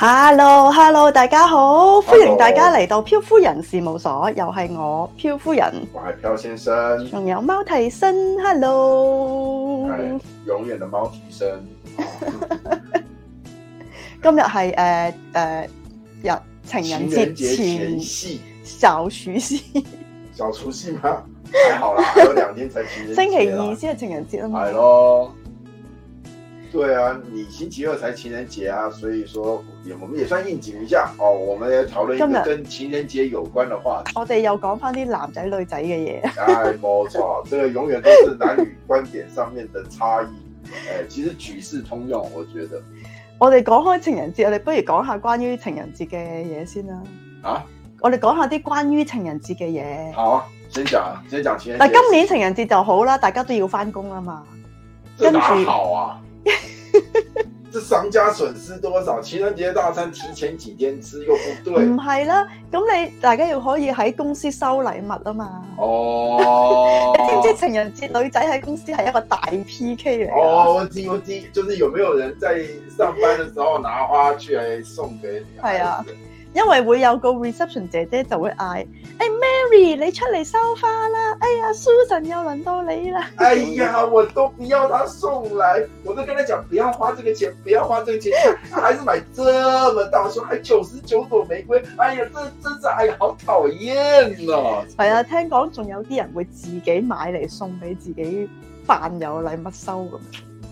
Hello，Hello，hello，大家好，歡迎大家嚟到漂夫人事務所，hello，又係我漂夫人，我係漂先生，仲有貓替身，Hello，永遠的貓替身。 今 uh, uh, 日係誒誒日情人節前夕，小除夕， 小除夕嗎？太好啦，有兩天才情人 星期二先係情人節吖嘛？係 咯。對啊，你星期二才情人節啊，所以說我們也算應景一下哦。我們要討論一個跟情人節有關的話題。我哋又講翻啲男仔女仔嘅嘢，係 冇、哎、錯，這個永遠都是男女觀點上面的差異。誒， 其實舉世通用，我覺得。我哋講開情人節，我哋不如講下關於情人節嘅嘢先啦。啊？我哋講下啲關於情人節嘅嘢。好啊，先講先講情人節。嗱，今年情人節就好啦，大家都要翻工啦嘛。真係好啊！ 這商家損失多少？情人節大餐提前幾天吃又不、哦、對。唔係啦，咁你大家又可以喺公司收禮物啊嘛。哦。你知唔知情人節女仔喺公司係一個大 PK 嚟？哦，我知我知，就是有沒有人在上班的時候拿花去嚟送給你？係 啊。因為會有個 reception 姐姐就會嗌，誒、哎、Mary 你出嚟收花啦，哎呀 Susan 又輪到你啦， 哎呀我都不要他送來，我都跟他講不要花這個錢，不要花這個錢，還是買這麼大束，還九十九朵玫瑰，哎呀這真真真係好討厭啊！係、哎、啊，聽講仲有啲人會自己買嚟送俾自己扮有禮物收咁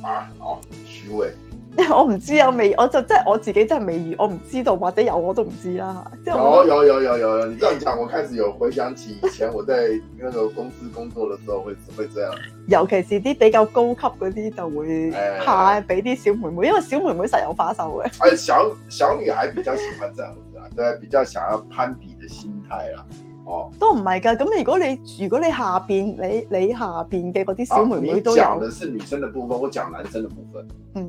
樣啊，好虛偽。 我唔知啊，未，我就即係我自己真係未，我唔知道或者有我都唔知啦。即有有有有有，有有有 你咁講，我開始有回想起以前我在那個公司工作嘅時候會會這樣。尤其是啲比較高級嗰啲就會派俾啲小妹妹哎哎哎，因為小妹妹實有花臣嘅。誒、哎，小小女孩比較喜歡這樣啊， 對，比較想要攀比嘅心態啊。哦，都唔係噶，咁如果你如果你下邊你你下邊嘅嗰啲小妹妹都、啊、你講嘅係女生嘅部分，我講男生嘅部分。嗯。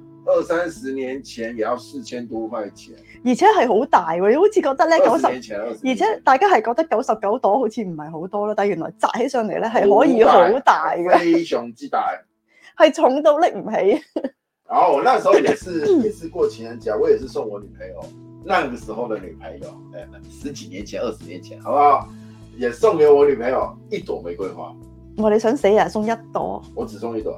二三十年前也要四千多塊錢，而且係好大喎，你好似覺得咧九十年前90，而且大家係覺得九十九朵好似唔係好多咯，但係原來紮起上嚟咧係可以好大嘅，非常之大，係 重到拎唔起。我那時候也是 也是過情人節，我也是送我女朋友，那個時候的女朋友，誒， 十幾年前二十年前，好不好？也送給我女朋友一朵玫瑰花。我你想死啊，送一朵，我只送一朵。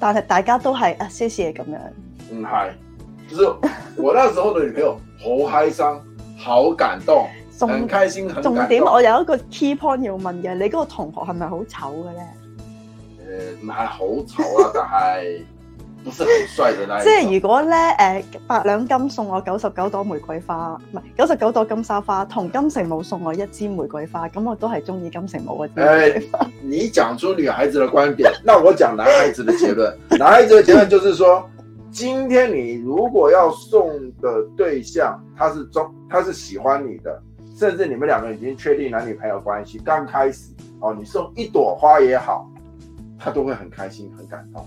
但係大家都係啊，謝謝你咁樣。唔係，其實我那時候嘅女朋友，好開心，好感動，很開心。重點我有一個 key point 要問嘅，你嗰個同學係咪好醜嘅咧？誒，唔係好醜啊，但係。不是很帥的。即係、就是、如果呢，誒、呃，八兩金送我九十九朵玫瑰花，唔係九十九朵金沙花，同金城武送我一支玫瑰花，咁我都係中意金城武嘅。誒、欸，你講出女孩子的觀點， 那我講男孩子的結論。 男孩子的結論就是說，今天你如果要送的對象，他是中，他是喜歡你嘅，甚至你們兩個已經確定男女朋友關係，剛開始哦，你送一朵花也好，他都會很開心，很感動。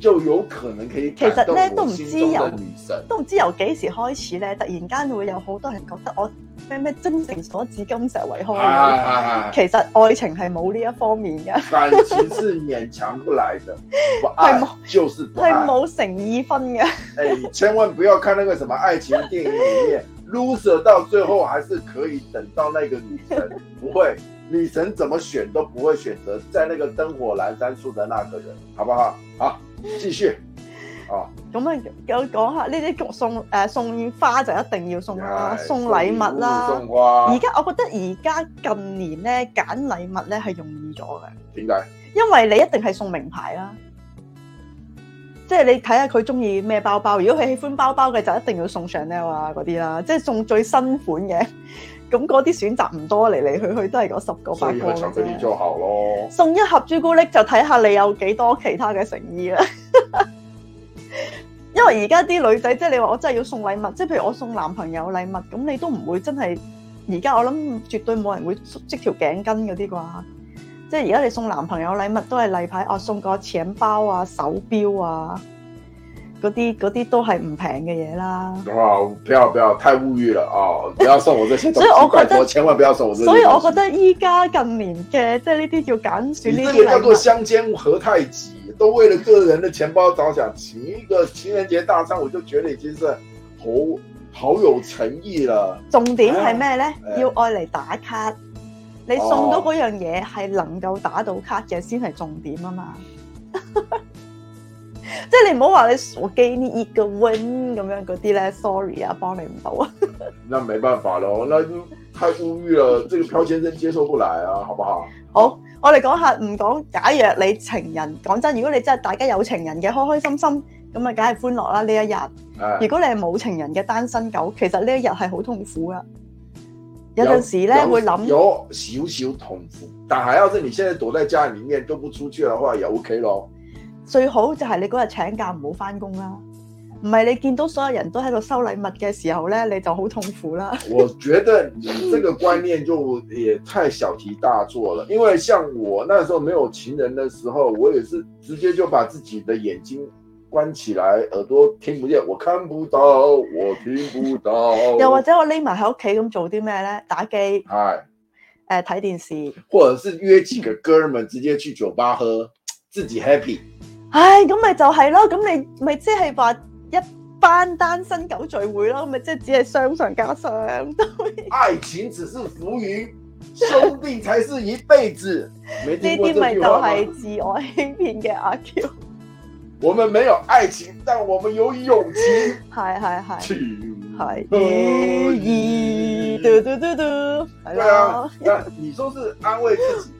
就有可能可以的女。其實呢，都唔知有女神，都唔知由幾時開始呢，突然間會有好多人覺得我咩咩精誠所至，金石為開，啊啊。其實愛情係冇呢一方面嘅。感情是勉強不來的，係冇，就是係冇誠意分嘅。誒、 哎，千萬不要看那個什麼愛情電影裡面，loser 到最後還是可以等到那個女神。 不會，女神怎麼選都不會選擇在那個燈火闌珊處的那個人，好不好？好。繼續哦，咁啊，有講下呢啲送誒送花，就一定要送，送禮啦，送禮物啦。而家我覺得而家近年咧揀禮物咧係容易咗嘅。點解？因為你一定係送名牌啦，即係你睇下佢中意咩包包，如果佢喜歡包包嘅就一定要送 Chanel 啊，嗰啲啦，即係送最新款嘅。咁嗰啲選擇唔多，嚟嚟去去都係嗰十個八個咯。所以咯。送一盒朱古力就睇下你有幾多其他嘅誠意啦。 因為而家啲女仔即係你話我真係要送禮物，即係譬如我送男朋友禮物，咁你都唔會真係而家我諗絕對冇人會即條頸巾嗰啲啩。即係而家你送男朋友禮物都係例牌，啊送個錢包啊，手錶啊。嗰啲啲都係唔平嘅嘢啦。哇、哦！不要不要，太物欲啦！啊、哦，不要送我， 我，說要我這些，所以我覺得我千萬不要送我這些，這些。所以我覺得依家近年嘅即係呢啲叫揀選呢啲。你呢個叫做相煎何太急？都為了個人嘅錢包着想，請一個情人節大餐，我就覺得已經是好好有誠意啦。重點係咩咧？要愛嚟打卡，你送到嗰樣嘢係能夠打到卡嘅先係重點啊嘛。 即係你唔好話你傻機，你熱個溫咁樣嗰啲咧，sorry 啊，幫你唔到啊。 那沒辦法咯，那太富裕啦，這個漂先生接受不來啊，好不好？好，我哋講下唔講假若你情人，講真，如果你真係大家有情人嘅，開開心心咁啊，梗係歡樂啦呢一日，哎。如果你係冇情人嘅單身狗，其實呢一日係好痛苦啊。有陣時咧會諗咗少少痛苦，但係要你現在躲在家裏面都不出去嘅話，也 OK 咯。最好就係你嗰日請假唔好翻工啦。唔係你見到所有人都喺度收禮物嘅時候咧，你就好痛苦啦。 我覺得你呢個觀念就也太小題大作了。因為像我那時候沒有情人嘅時候，我也是直接就把自己的眼睛關起來，耳朵聽唔見，我看不到，我聽不到。 又或者我匿埋喺屋企咁做啲咩咧？打機，係誒睇電視，或者是約幾個哥兒們直接去酒吧喝， 自己 happy。唉，咁咪就係咯，咁你咪即係話一班單身狗聚會咯，咪即係只係傷上加傷。傷 愛情只是浮雲，兄弟才是一輩子。呢啲咪就係自我欺騙嘅阿 Q。我們沒有愛情，但我們有勇氣。係係係。情海嘟嘟嘟嘟。對啊，你說是安慰自己。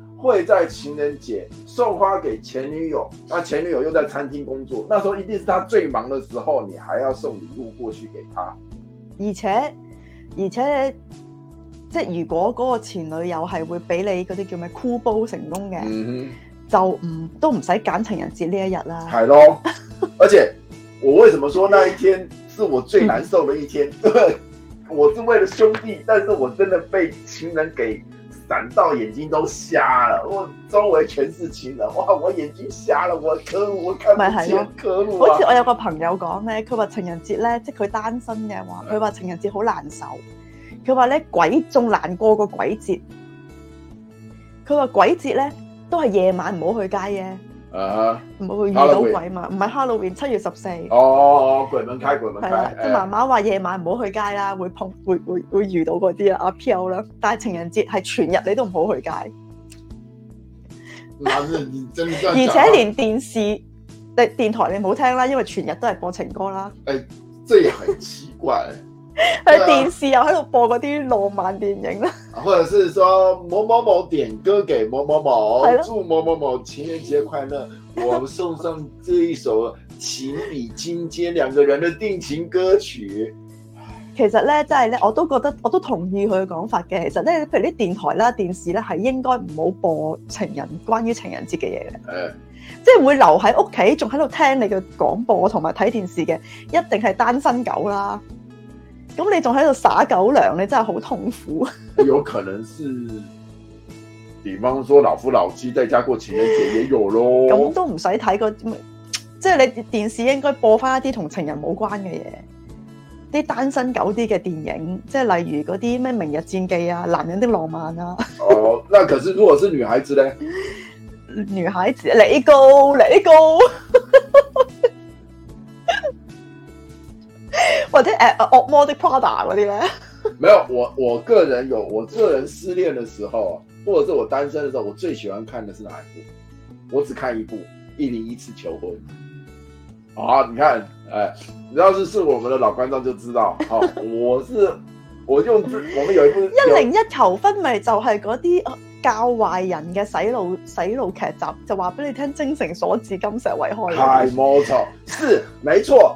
會在情人節送花給前女友，那前女友又在餐廳工作，那時候一定是他最忙的時候，你還要送禮物過去給他，而且，而且，即如果嗰個前女友係會俾你嗰啲叫咩箍煲成功嘅、嗯，就唔都唔使揀情人節呢一日啦。係咯，而且我為什麼說那一天是我最難受的一天？嗯、對，我是為了兄弟，但是我真的被情人給。感到眼睛都瞎了，我周圍全是情人，哇！我眼睛瞎了，我可我看不見、啊，可、啊、好似我有個朋友講咧，佢話情人節咧，即係佢單身嘅話，佢話情人節好難受，佢話咧鬼仲難過過鬼節，佢話鬼節咧都係夜晚唔好去街嘅。啊！唔會遇到鬼嘛？唔係 Halloween，七月十四。哦、oh, oh，鬼門開，鬼門。係啦，即係媽媽話夜晚唔好去街啦，會碰會會會遇到嗰啲啦，阿飄啦。但係情人節係全日你都唔好去街。 而且連電視、誒 電台你唔好聽啦，因為全日都係播情歌啦。誒、哎，即係奇怪。 佢 電視又喺度播嗰啲浪漫電影啦，啊，或者是說某某某點歌給某某某，祝某某某情人節快樂， 我送上這一首情比金堅兩個人的定情歌曲。其實咧，真係咧，我都覺得我都同意佢嘅講法嘅。其實咧，譬如啲電台啦、電視咧，係應該唔好播情人關於情人節嘅嘢嘅。 即係會留喺屋企仲喺度聽你嘅廣播同埋睇電視嘅，一定係單身狗啦。咁你仲喺度撒狗糧，你真係好痛苦 。有可能是，比方說老夫老妻在家過情人節，也有咯。 咁都唔使睇個，即係你電視應該播翻一啲同情人冇關嘅嘢，啲單身狗啲嘅電影，即係例如嗰啲咩《明日戰記》啊，《男人的浪漫》啊 哦，那可是如果是女孩子呢？ 女孩子，你高，你高。 或者誒惡魔嘅 Prada 嗰啲，呃、呢 沒有我，我個人有我個人失戀的時候，或者是我單身的時候，我最喜歡看的是哪一部？我只看一部《一零一次求婚》啊！你看，誒、哎，你要是是我們的老觀眾就知道，啊， 我是我就，我們有一部《一零一求婚》咪就係嗰啲教壞人嘅洗腦洗腦劇集，就話俾你聽，精誠所至，金石為開。冇錯，是，沒錯。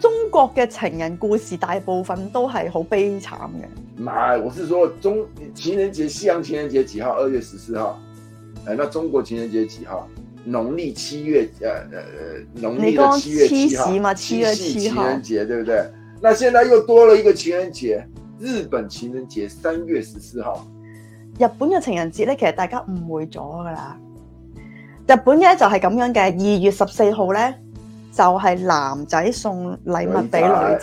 中國嘅情人故事大部分都係好悲慘嘅。唔係，我是說中情人節，西洋情人節幾號？二月十四號。誒，那中國情人節幾號？農曆七月，誒誒，農曆嘅七月七號嘛？七夕情人節對不對？那現在又多了一個情人節，日本情人節三月十四號。日本嘅情人節咧，其實大家誤會咗噶啦。日本嘅就係咁樣嘅，二月十四號咧，就係男仔送禮物俾女仔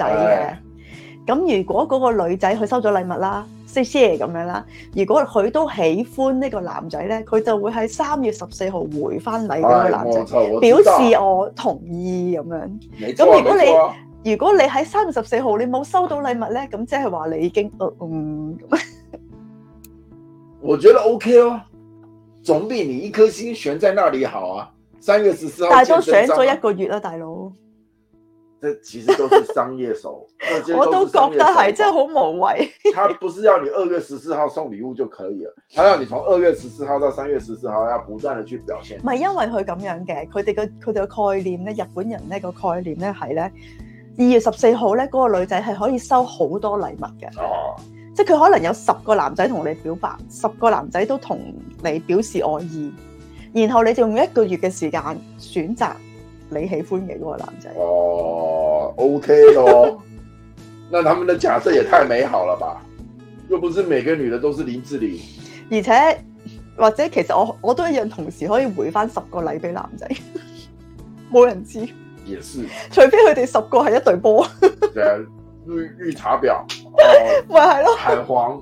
嘅，咁如果嗰個女仔佢收咗禮物啦，謝謝咁樣啦。如果佢都喜歡呢個男仔咧，佢就會喺三月十四號回翻禮物，男仔表示我同意咁樣。咁如果你如果你喺三月十四號你冇收到禮物咧，咁即係話你已經，嗯，我覺得 OK 咯，總比你一顆心懸在那裏好啊。三月十四號，但係都想咗一個月啦，啊，大佬。即其實都是商業手， 都業手我都覺得係，即係好無謂。他不是要你二月十四號送禮物就可以了， 他要你從二月十四號到三月十四號要不斷的去表現。唔係因為佢咁樣嘅，佢哋嘅佢哋嘅概念咧，日本人呢個概念咧係咧二月十四號咧嗰個女仔係可以收好多禮物嘅。哦，即係佢可能有十個男仔同你表白，十個男仔都同你表示愛意。然後你就用一個月嘅時間選擇你喜歡嘅嗰個男仔哦，OK 咯。 那他們的假設也太美好了吧？又不是每個女的都是林志玲，而且或者其實我我都一樣，同時可以回翻十個禮俾男仔，冇 人知。也是，除非佢哋十個係一隊波。誒， 綠綠茶婊，咪係咯，海 皇。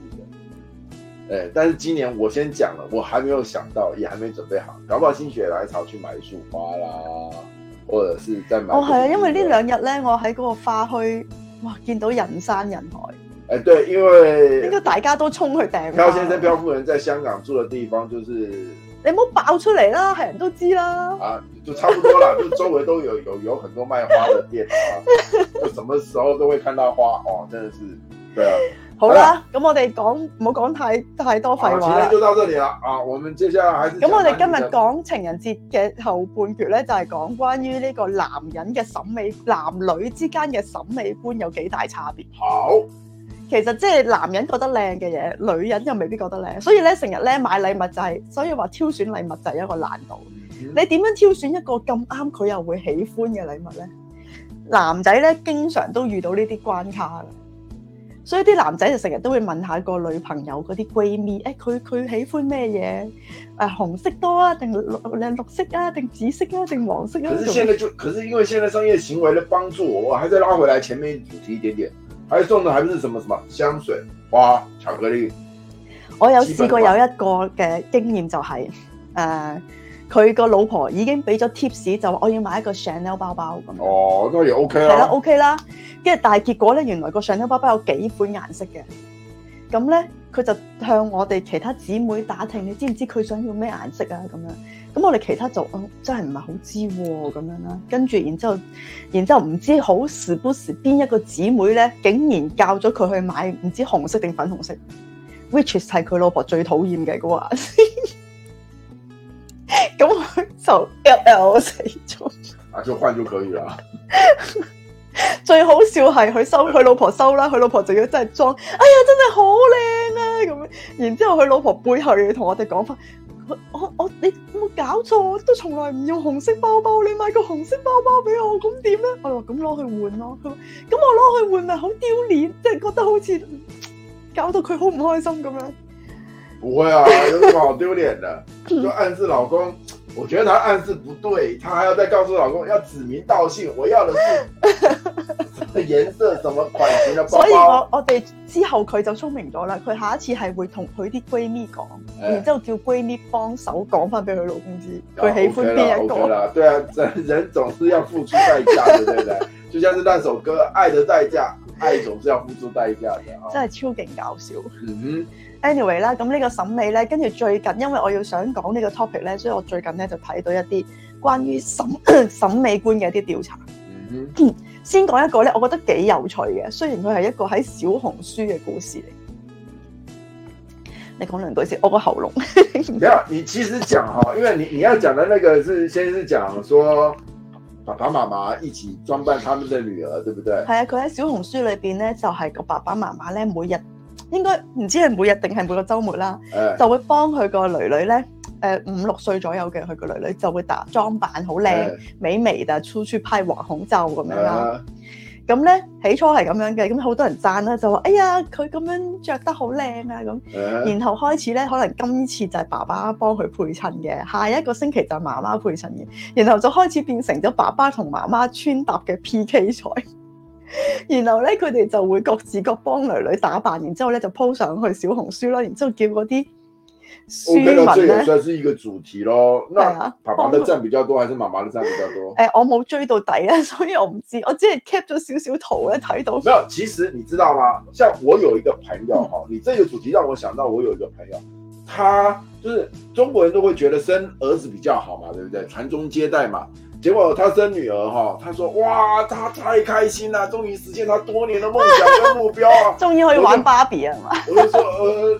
但是今年我先講了，我還沒有想到，也還沒準備好，搞不好心血來潮去買一束花啦，或者是在買？哦係啊，因為呢兩日呢，我喺嗰個花墟，哇，見到人山人海。哎、欸、對，因為應該大家都衝去訂。漂先生、漂夫人在香港住的地方就是，你唔好爆出嚟啦，係人都知道啦。啊，就差不多啦，就周圍都有有 有很多賣花的店啦，啊，就什麼時候都會看到花，哦、啊，真的是，對啊。好啦，咁我哋講唔好講太太多廢話啦。就到呢度啦，啊，我們接下來咁，我哋今日講情人節嘅後半段，呢就係、是、講關於呢個男人嘅審美，男女之間嘅審美觀有幾大差別。好，其實即係男人覺得靚嘅嘢，女人又未必覺得靚，所以咧成日咧買禮物就係、是，所以話挑選禮物就係一個難度。嗯、你點樣挑選一個咁啱佢又會喜歡嘅禮物呢？男仔呢，經常都遇到呢啲關卡嘅所以啲男仔就成日都會問下個女朋友嗰啲閨蜜，誒佢佢喜歡咩嘢？誒、啊、紅色多啊，定靚綠,綠色啊，定紫色啊，定黃色啊？可是現在就，可是因為現在商業行為嘅幫助我，我喺度拉回來前面主題一點點，還送的，還不是什麼什麼香水，花、巧克力。我有試過有一個嘅經驗就係、是，誒、呃。佢個老婆已經俾咗 tips 就話我要買一個 Chanel 包包咁。哦，當然 OK 啦。係啦，OK 啦。跟住但係結果咧，原來個 Chanel 包包有幾款顏色嘅。咁咧，佢就向我哋其他姊妹打聽，你知唔知佢想要咩顏色啊？咁樣，咁我哋其他就、哦、真係唔係好知咁樣啦。跟住然之後，然之後唔知好時不時邊一個姊妹咧，竟然教咗佢去買唔知紅色定粉紅色，which is 係佢老婆最討厭嘅個顏色。呵呵。咁佢就 L L 死咗，啊，就換就可以啦。最好笑係佢收佢老婆收啦，佢老婆就要真係裝，哎呀，真係好靚啊咁樣。然之後佢老婆背後要同我哋講翻，我我，你冇搞錯，都從來唔用紅色包包，你買個紅色包包俾我，咁點咧？我話咁攞去換咯，咁我攞去換咪好丟臉，即係覺得好似搞到佢好唔開心咁樣。不會啊，有什麼好丟臉的？就暗示老公，我覺得他暗示不對，他還要再告訴老公要指名道姓。我要的是顏色什麼款型的包包。所以我我哋之後佢就聰明咗啦，佢下一次係會同佢啲閨蜜講、嗯，然後叫閨蜜幫手講翻俾佢老公知，佢喜歡邊一個。對、yeah, okay okay、對啊人，人總是要付出代價，對不對？就像是那首歌《愛的代價》。愛總是要付出代價的啊！真係超勁搞笑。嗯，anyway 啦，咁呢個審美咧，跟住最近因為我要想講呢個 topic 咧，所以我最近咧就睇到一啲關於審審美觀嘅一啲調查。嗯，先講一個咧，我覺得幾有趣嘅，雖然佢係一個喺小紅書嘅故事嚟。你講兩句先，我個喉嚨。 你其實講吓， 因為你你要講嘅那個是，先是講說。爸爸媽媽一起裝扮他們的女兒，對不對？係啊，佢喺小紅書裏邊咧，就係、是、個爸爸媽媽咧，每日應該唔知係每日定係每個周末啦，哎、就會幫佢個女女咧，誒、呃，五六歲左右嘅佢個女女就會打裝扮好靚美眉的，但處處派黃紅皂咁樣啦。哎咁咧起初係咁樣嘅，咁好多人讚啦，就話哎呀佢咁樣着得好靚啊咁，uh -huh. 然後開始咧可能今次就係爸爸幫佢配襯嘅，下一個星期就係媽媽配襯嘅，然後就開始變成咗爸爸同媽媽穿搭嘅 P K 賽，然後咧佢哋就會各自各幫女女打扮，然之後咧就 p 上去小紅書啦，然之後叫嗰啲。我覺得這個算是一個主題咯。那爸爸的讚比較多，還是媽媽的讚比較多？誒、欸，我冇追到底啊，所以我唔知道。我只係 kept 咗少少圖咧，睇到。沒有，其實你知道嗎？像我有一個朋友哈， 你這個主題讓我想到我有一個朋友，他就是中國人都會覺得生兒子比較好嘛，對不對？傳宗接代嘛。結果他生女兒哈，他說：，哇，他太開心了，終於實現他多年的夢想跟 目標啊，終於可以玩芭比了嘛。我就， 我就說，呃……」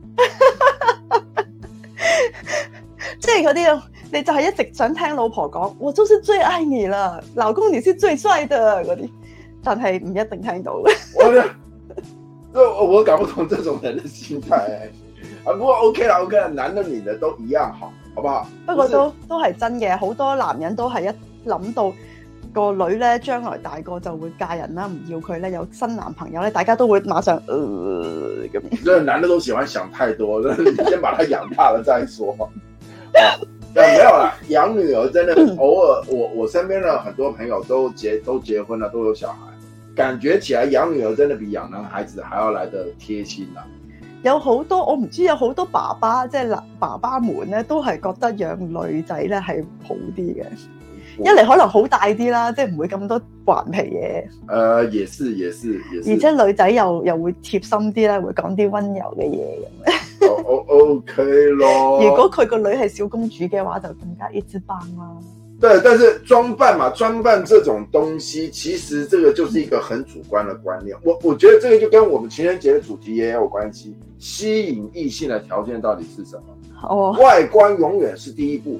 即係嗰啲你就係一直想聽老婆講，我就是最愛你啦，老公你是最帥的嗰啲，但係唔一定聽到嘅 我。我我搞唔懂這種人的心態，啊 不過 OK 啦 OK 啦，男的女的都一樣好，好好不好？不過都不都係真嘅，好多男人都係一諗到。個女呢，將來大個就會嫁人啦，唔要佢呢。有新男朋友呢，大家都會馬上咁、呃。因為男的都喜歡想太多， 你先把他養大了再說。啊，但沒有啦，養女兒真的，偶爾我我身邊的很多朋友都結都結婚啦，都有小孩，感覺起來養女兒真的比養男孩子還要來得貼心啦、啊。有好多我唔知，有好多爸爸即係、就是、爸爸們呢，都係覺得養女仔呢係好啲嘅。一嚟可能好大啲啦，即係唔會咁多頑皮嘢。誒、呃，也是，也是，也是。而且女仔又又會貼心啲啦，會講啲温柔嘅嘢咁。OK 咯。如果佢個女係小公主嘅話，就更加一直棒啦。對，但是裝扮嘛，裝扮這種東西，其實這個就是一個很主觀嘅觀念。我我覺得這個就跟我們情人節嘅主題也有關係。吸引異性的條件到底係什麼？哦，外觀永遠是第一步。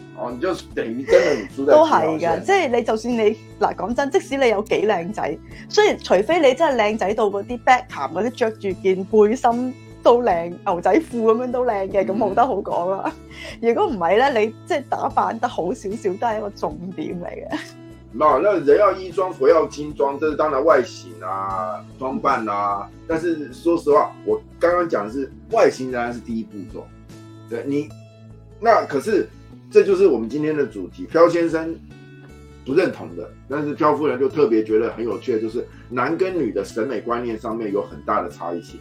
哦，你就等後真係唔做得都係㗎，即係你就算你嗱講真的，即使你有幾靚仔，雖然除非你真係靚仔到嗰啲 backcam 嗰啲，着住件背心都靚，牛仔褲咁樣都靚嘅，咁冇得好講啦。如果唔係咧，你即係打扮得好少少，都係一個重點嚟嘅。嗱，那人要衣裝，佛要金裝，即係當然外形啊，裝扮啊。但是，說實話，我剛剛講嘅係外形，自然是第一步驟。對，你，那可是。這就是我們今天的主題。漂先生不認同的，但是漂夫人就特別覺得很有趣，就是男跟女的審美觀念上面有很大的差異性。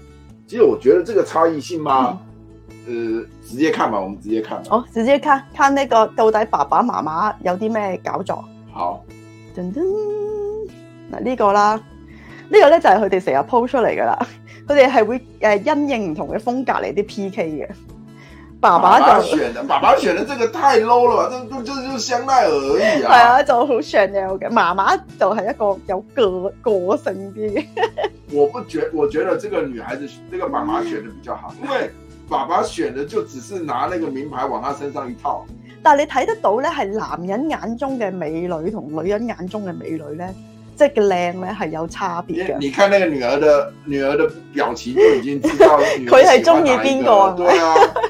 其實我覺得這個差異性嗎、嗯？呃，直接看吧，我們直接看。哦，直接看，看呢個到底爸爸媽媽有啲咩搞作。好，噔噔，嗱，呢個啦，呢、呢個咧就係佢哋成日 po 出嚟噶啦，佢哋係會誒、呃、因應唔同嘅風格嚟啲 PK 嘅。爸爸就媽媽選的，爸爸選的這個太 low 啦， 這就就就香奈兒而已啊。係啊，就好 Chanel 嘅，媽媽就係一個有個個性啲。 我不覺，我覺得這個女孩子，這個媽媽選的比較好，因為爸爸選的就只是拿那個名牌往她身上一套。但係你睇得到咧，係男人眼中嘅美女同女人眼中嘅美女咧，即係個靚咧係有差別嘅。你看那個女兒的，女兒的表情就已經知道喜歡哪，佢係中意邊個？對啊。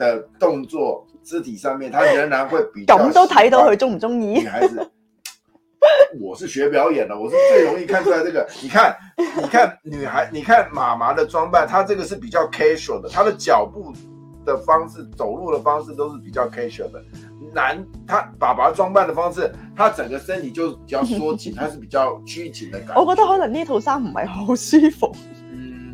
的動作肢體上面，他仍然會比較，咁都睇到佢中唔中意。女孩子，我是學表演的，我是最容易看出來這個。你看，你看女孩，你看媽媽的裝扮，她這個是比較 casual 的，她的腳步的方式、走路的方式都是比較 casual 的。男，他爸爸裝扮的方式，他整個身體就比較縮緊，他是比較拘謹的感覺。我覺得可能呢套衫唔係好舒服。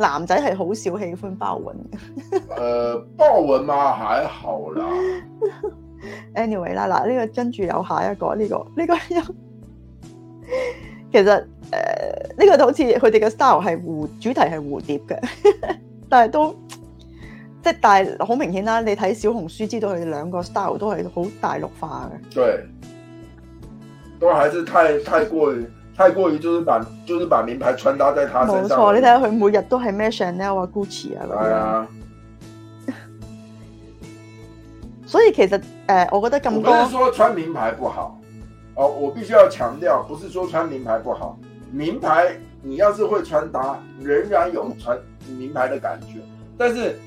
男仔係好少喜歡豹紋嘅。誒，豹紋嘛，還好啦。Anyway 啦，嗱、呢、呢個跟住有下一個呢、呢個呢、呢個又其實誒呢、呃呢個就好似佢哋嘅 style 係蝴主題係蝴蝶嘅，但係都即係但係好明顯啦，你睇小紅書知道佢哋兩個 style 都係好大陸化嘅。對，都還是太太過於。太過於就是把就是把名牌穿搭在他身上，沒錯，你睇下佢每日都係咩 Chanel 啊、Gucci 啊、哎、 所以其實誒、呃，我覺得咁，我不是說穿名牌不好哦，我必須要強調，不是說穿名牌不好。名牌你要是會穿搭，仍然有穿名牌的感覺。但是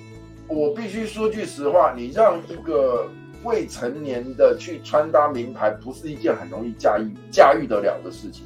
我必須說句實話，你讓一個未成年的去穿搭名牌，不是一件很容易駕馭駕馭得了的事情。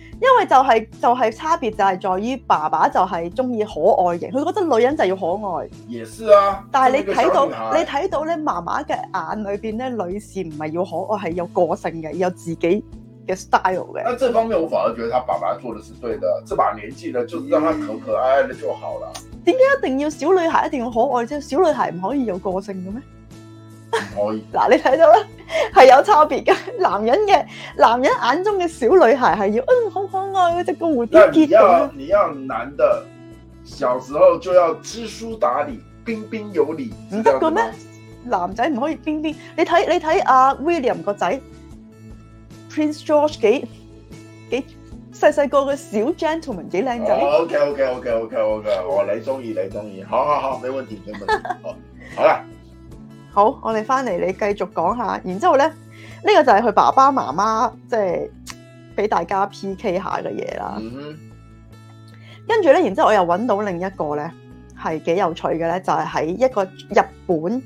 因為就係、是、就係、是、差別就係在於爸爸就係中意可愛型，佢覺得女人就要可愛。也是啊。但係你睇到，那個、到你睇到咧，媽媽嘅眼裏邊咧，女士唔係要可愛，係有個性嘅，有自己嘅 style 嘅。那這方面我反而覺得佢爸爸做嘅係對嘅，這把年紀咧，就是、讓他可可愛愛嘅就好了。點 解一定要小女孩一定要可愛啫？小女孩唔可以有個性嘅咩？嗱，你睇到啦，係有差別嘅。男人嘅男人眼中嘅小女孩係要，嗯、哎，好可愛，隻、這個蝴蝶結。然你，你要男的，小時候就要知書達理、彬彬有禮，唔得嘅咩？男仔唔可以彬彬。你睇你睇阿、啊、William 個仔 Prince George 幾幾細細個嘅小 gentleman 幾靚仔。Oh, OK OK OK OK OK，我、okay. oh, 你中意你中意，好好好，沒問題沒問題， 好，好啦。好，我哋翻嚟，你繼續講下，然之後咧，呢個就係佢爸爸媽媽即係俾大家 PK 下嘅嘢啦。跟住咧，然之後我又揾到另一個咧，係幾有趣嘅咧，就係喺一個日本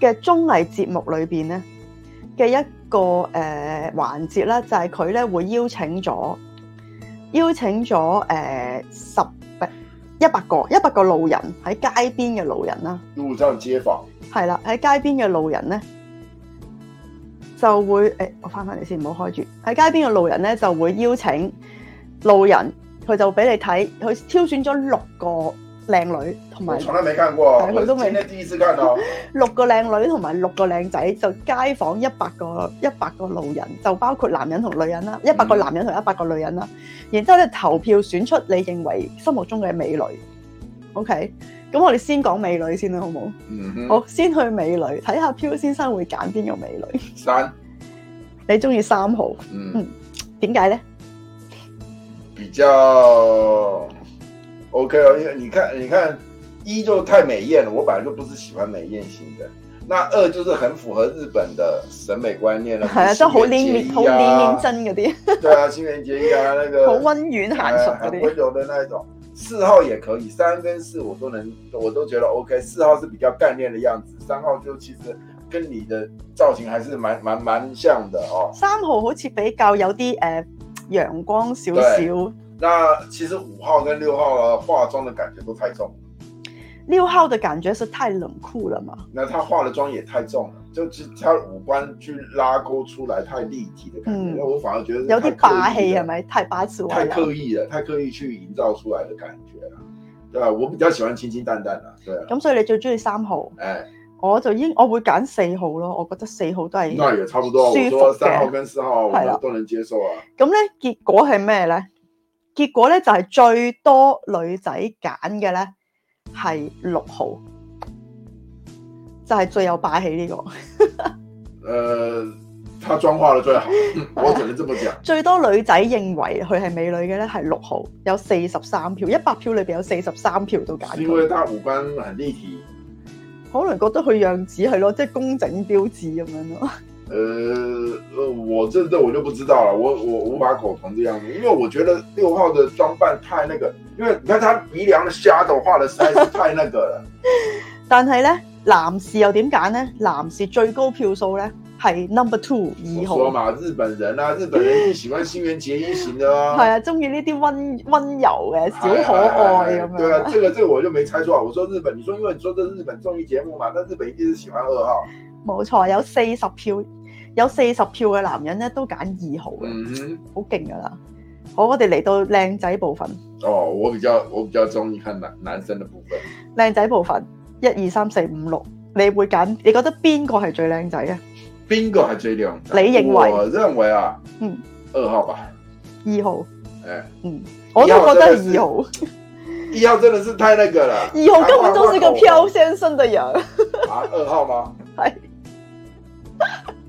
嘅綜藝節目裏邊咧嘅一個誒環節啦，就係佢咧會邀請咗邀請咗誒十。呃一百個一百個路人喺街邊嘅路人啦，路上街坊係啦，喺街邊嘅路人咧就會誒，我翻返嚟先，唔好開住。喺街邊嘅路人咧就會邀請路人，佢就俾你睇，佢挑選咗六個。靚女同埋，我從來未見過，佢都未。我今日第一次見到！六個靚女同埋六個靚仔，就街訪一百個，一百個路人，就包括男人同女人啦，一百個男人同一百個女人啦，嗯。然之後咧，投票選出你認為心目中嘅美女。O K，咁我哋先講美女先啦，好唔好？嗯，好，先去美女，睇下漂先生會揀邊個美女。三，你中意三號？嗯，點解咧？比較。O K 哦，因為你看，你看，一就太美艷了，我本來就不是喜歡美艷型的。那二就是很符合日本的審美觀念了，係啊，都好臉面、好臉面真嗰啲。對啊，年 情人節應該、啊、那個好温軟嫻熟、啊、很温柔的那一種。四號也可以，三跟四我都能，我都覺得 O K。四號是比較幹練的樣子，三號就其實跟你的造型還是蠻蠻蠻像的哦。三號好似比較有啲、呃、陽光少少。那其實五號跟六號、啊、化妝的感覺都太重了，六號的感覺是太冷酷了嘛，那他化的妝也太重了，就其實他五官去拉勾出來太立體的感覺，嗯、我反而覺得的有啲霸氣係咪？太霸氣，太刻意了，太刻意去營造出來的感覺，嗯，對吧？我比較喜歡清清淡淡啦，對、啊。咁所以你最中意三號？誒、欸，我就應我會揀四號咯，我覺得四號都係，那也差不多。我說三號跟四號，我都能接受啊。咁咧結果係咩咧？結果咧就係、是、最多女仔揀嘅咧係六號，就係、是、最有霸氣呢、這個。誒、 呃，他妝化得最好，我只能這麼講。 最多女仔認為佢係美女嘅咧係六號，有四十三票，一百票裏邊有四十三票都揀。是因為他五官立體，可能覺得佢樣子係咯，即係工整、標、就是、致咁樣咯。呃呃，我這這我就不知道了，我我無法苟同這樣子，因為我覺得六號的裝扮太那個，因為你看他鼻梁蝦的 shadow 畫的實在是太那個了。 但係咧，男士又點揀咧？男士最高票數咧係 number two 二號嘛？日本人啊， 日本人喜歡新原結衣型的咯。係啊，中意呢啲溫溫柔嘅小可愛咁樣、 啊。對啊，對啊 這個這個我就沒猜錯，我說日本，你說因為你說這日本綜藝節目嘛，但日本一定是喜歡二號。冇錯，有四十票。有四十票嘅男人咧，都揀二號嘅，好勁㗎喇！好，我哋嚟到靚仔部分。哦，我比較我比較中意看男男生嘅部分。靚仔部分，一二三四五六，你會揀？你覺得邊個係最靚仔啊？邊個係最靚？你認為？我認為啊，嗯，二號吧。二、嗯、號。誒、嗯，嗯，我都覺得二號。一號真的是太那個啦！二 號根本就是一個漂先生的人。啊，二、啊啊、號嗎？係。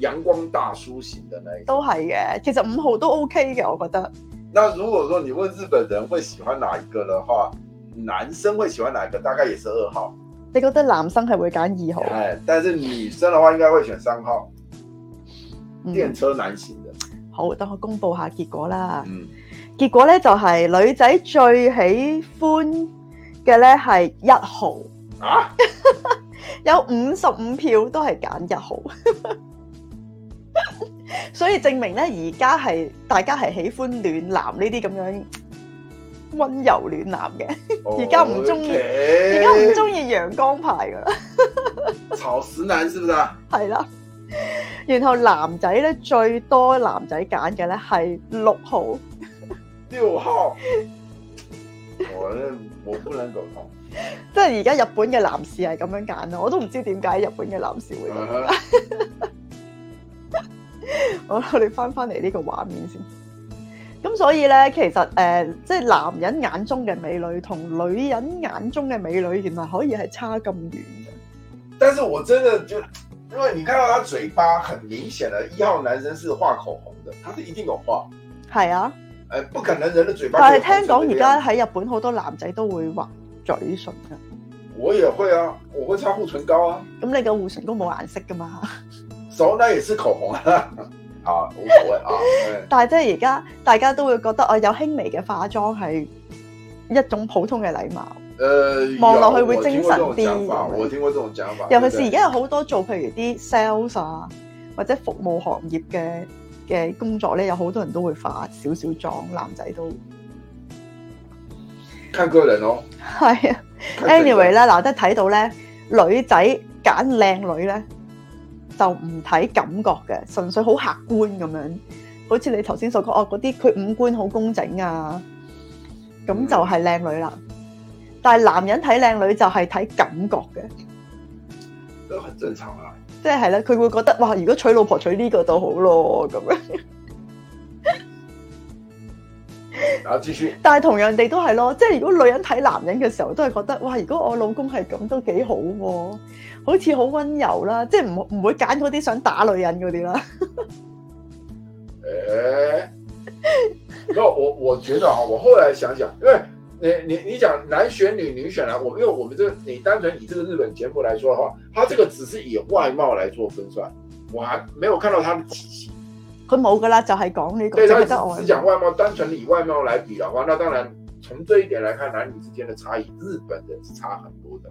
陽光大叔型的。那都係嘅，其實五號都 OK 嘅，我覺得。那如果說你問日本人會喜歡哪一個的話，男生會喜歡哪一個？大概也是二號。你覺得男生係會揀二號？誒，但是女生的話應該會選三號。嗯，電車男型嘅。好，等我公布下結果啦。嗯，結果呢，就係、是、女仔最喜歡嘅呢係一號啊， 有五十五票都係揀一號。 所以證明咧，而家係大家係喜歡暖男呢啲咁樣溫柔暖男嘅，而家唔中意，而家唔中意陽光派噶啦。草 食男是不是啊？係啦、啊，然後男仔咧最多男仔揀嘅咧係六號，六 號，我咧冇半兩個號，即係而家日本嘅男士係咁樣揀咯，我都唔知點解日本嘅男士會咁樣。 好，我我哋翻翻嚟呢個畫面先，咁所以咧，其實誒，即、呃、係、就是、男人眼中嘅美女同女人眼中嘅美女，原來可以係差咁遠嘅。但是，我真係就因為你看到他嘴巴，很明顯嘅一號男生是畫口紅的，他是一定有畫。係啊，誒、呃，不可能人的嘴巴的。但係聽講而家喺日本好多男仔都會畫嘴唇嘅。我也會啊，我會擦護唇膏啊。咁你嘅護唇膏冇顏色噶嘛？爽啦，也是口紅啊！啊，好啊！啊 但係即係而家，大家都會覺得啊，有輕微嘅化妝係一種普通嘅禮貌。誒、呃，望落去會精神啲。我聽過呢種講法。尤其是而家有好多做譬如啲 sales 啊，或者服務行業嘅嘅工作咧，有好多人都會化少少妝，男仔都。睇個人咯， 係啊。anyway 咧，嗱，即係睇到咧，女仔揀靚女咧。就唔睇感覺嘅，純粹好客觀咁樣，好似你頭先所講哦，嗰啲佢五官好工整啊，咁就係靚女啦、嗯。但係男人睇靚女就係睇感覺嘅，都係好正常啊。即係係咯，佢會覺得哇！如果娶老婆娶呢個就好咯，咁樣。 但係同樣地都係咯，即係如果女人睇男人嘅時候，都係覺得哇！如果我老公係咁都幾好喎、啊。好似好溫柔啦，即係唔唔會揀嗰啲想打女人嗰啲啦。誒、 欸，因、no，為我我覺得啊，我後來想想，因為你你你講男選女，女選男、啊，我因為我們呢、這個你單純以這個日本節目來說嘅話，佢呢個只是以外貌嚟做分算。我還沒有看到他的佢冇㗎喇，就係講呢個。佢得我講外貌，單純以外貌嚟比嘅話，那當然從這一點來看，男女之間的差異，日本人是差很多的。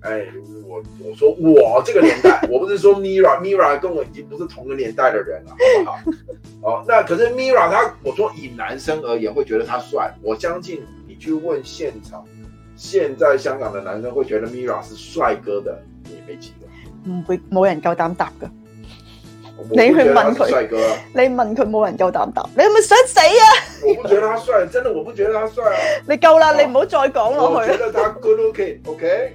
哎，我我說我這個年代，我不是說 Mira Mira 跟我已經不是同一個年代的人了，好，不 好，哦，那可是 Mira 他，我說以男生而言會覺得他帥，我相信你去問現場，現在香港的男生會覺得 Mira 是帥哥的，你沒聽過？唔會，冇人夠膽答㗎，啊。你去問佢，帥哥，你問佢冇人夠膽答，你係咪想死啊？我不覺得他帥，真的我不覺得他帥啊。你夠啦，你唔好再講落去。我覺得他 good OK OK。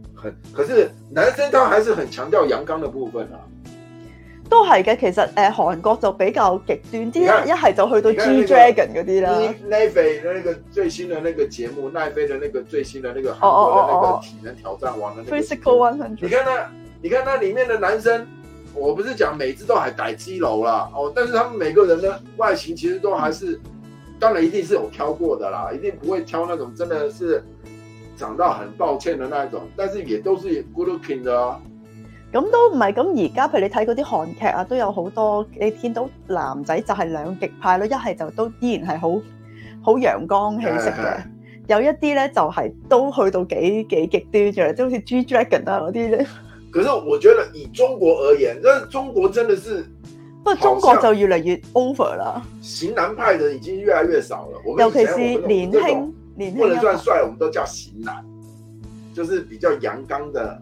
可是男生，他還是很強調陽剛的部分啊，都是嘅，其實呃韓國就比較極端啲，一係就去到 G Dragon 嗰啲啦。奈 a 的那個最新的那個節目，奈 a 的那個最新的那個韓國的那個體能挑戰王的 Physical One、哦哦哦那個哦哦哦、你看那，你看那裏面的男生，我不是講每次都還逮肌肉啦，哦，但是他們每個人的外形其實都還是，當然一定是有挑過的啦，一定不會挑那種真的是。想到很抱歉的那一種，但是也都是 good looking 的咯、啊。咁都唔係，咁而家譬如你睇嗰啲韓劇啊，都有好多你見到男仔就係兩極派咯，一係就都依然係好好陽光氣息嘅，哎哎有一啲咧就係、是、都去到幾幾極端嘅，即係好似 G Dragon 啊嗰啲咧。可是我覺得以中國而言，因為中國真的是，不過中國就越嚟越 over 啦。型男派人已經越來越少了，越越了尤其是年輕。年不能算帥，我們都叫型男，就是比較陽剛的，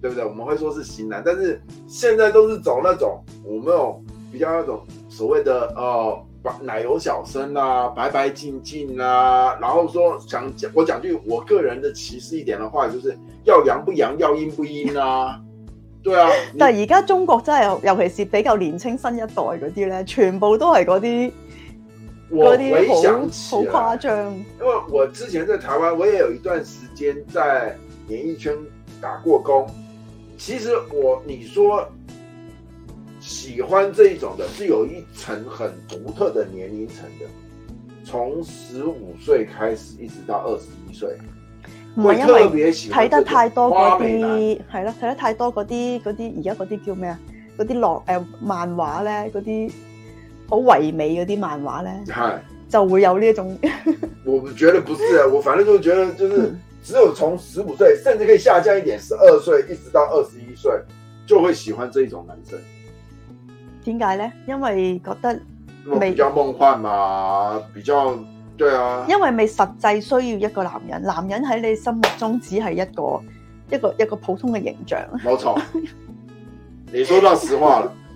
對不對？我們會說是型男，但是現在都是走那種我們有比較那種所謂的哦、呃，奶油小生啊，白白淨淨啊，然後說想講，我講句我個人的歧視一點的話，就是要陽不陽，要陰不陰啊？對啊，但而家中國真係，尤其是比較年輕新一代嗰啲呢，全部都係嗰啲。我回想起好誇張。因為我之前在台灣，我也有一段時間在演藝圈打過工。其實我，你說喜歡這一種的，是有一層很獨特的年齡層的，從十五歲開始一直到二十一歲，因為我特別喜歡睇得太多嗰啲，係咯，睇得太多嗰啲嗰啲而家嗰啲叫咩啊？嗰啲樂誒漫畫咧嗰啲。好唯美嗰啲漫畫呢，係就會有呢一種 。我覺得不是啊，我反正就覺得，就是只有從十五歲，甚至可以下降一點，十二歲一直到二十一歲，就會喜歡這一種男生。點解呢？因為覺得我比較夢幻嘛，比較對啊。因為未實際需要一個男人，男人喺你心目中只係一個一個一個普通嘅形象。冇錯，你說到實話啦。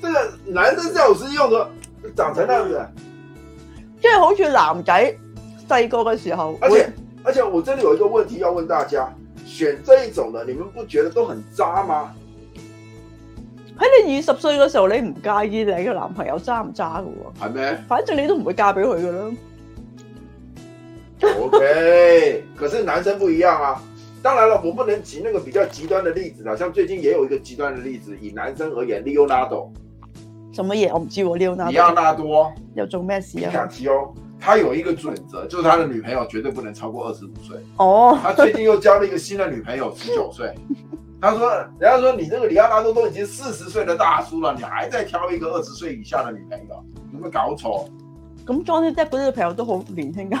即、這、係、個、男生在就係用咗長成那樣子，即、嗯、係、就是、好似男仔細個嘅時候，而且而且我這裏有一個問題要問大家，選這一種嘅，你們不覺得都很渣嗎？喺你二十歲嘅時候，你唔介意你嘅男朋友渣唔渣㗎喎，係咩？反正你都唔會嫁俾佢㗎啦。OK， 可是男生不一樣啊。當然啦，我不能舉那個比較極端的例子啦。像最近也有一個極端的例子，以男生而言，Leonardo。什麼嘢，我唔知得我奧納李奧納多有做咩事啊？我想提歐，他有一個準則，就是他的女朋友絕對不能超過二十五歲。哦、oh， 他最近又交了一個新的女朋友，十九歲。他說，人家說你這個李奧納多都已經四十歲的大叔了，你還在挑一個二十歲以下的女朋友，你有冇搞錯？咁、嗯嗯嗯、John Depp 嗰啲朋友都好年輕㗎。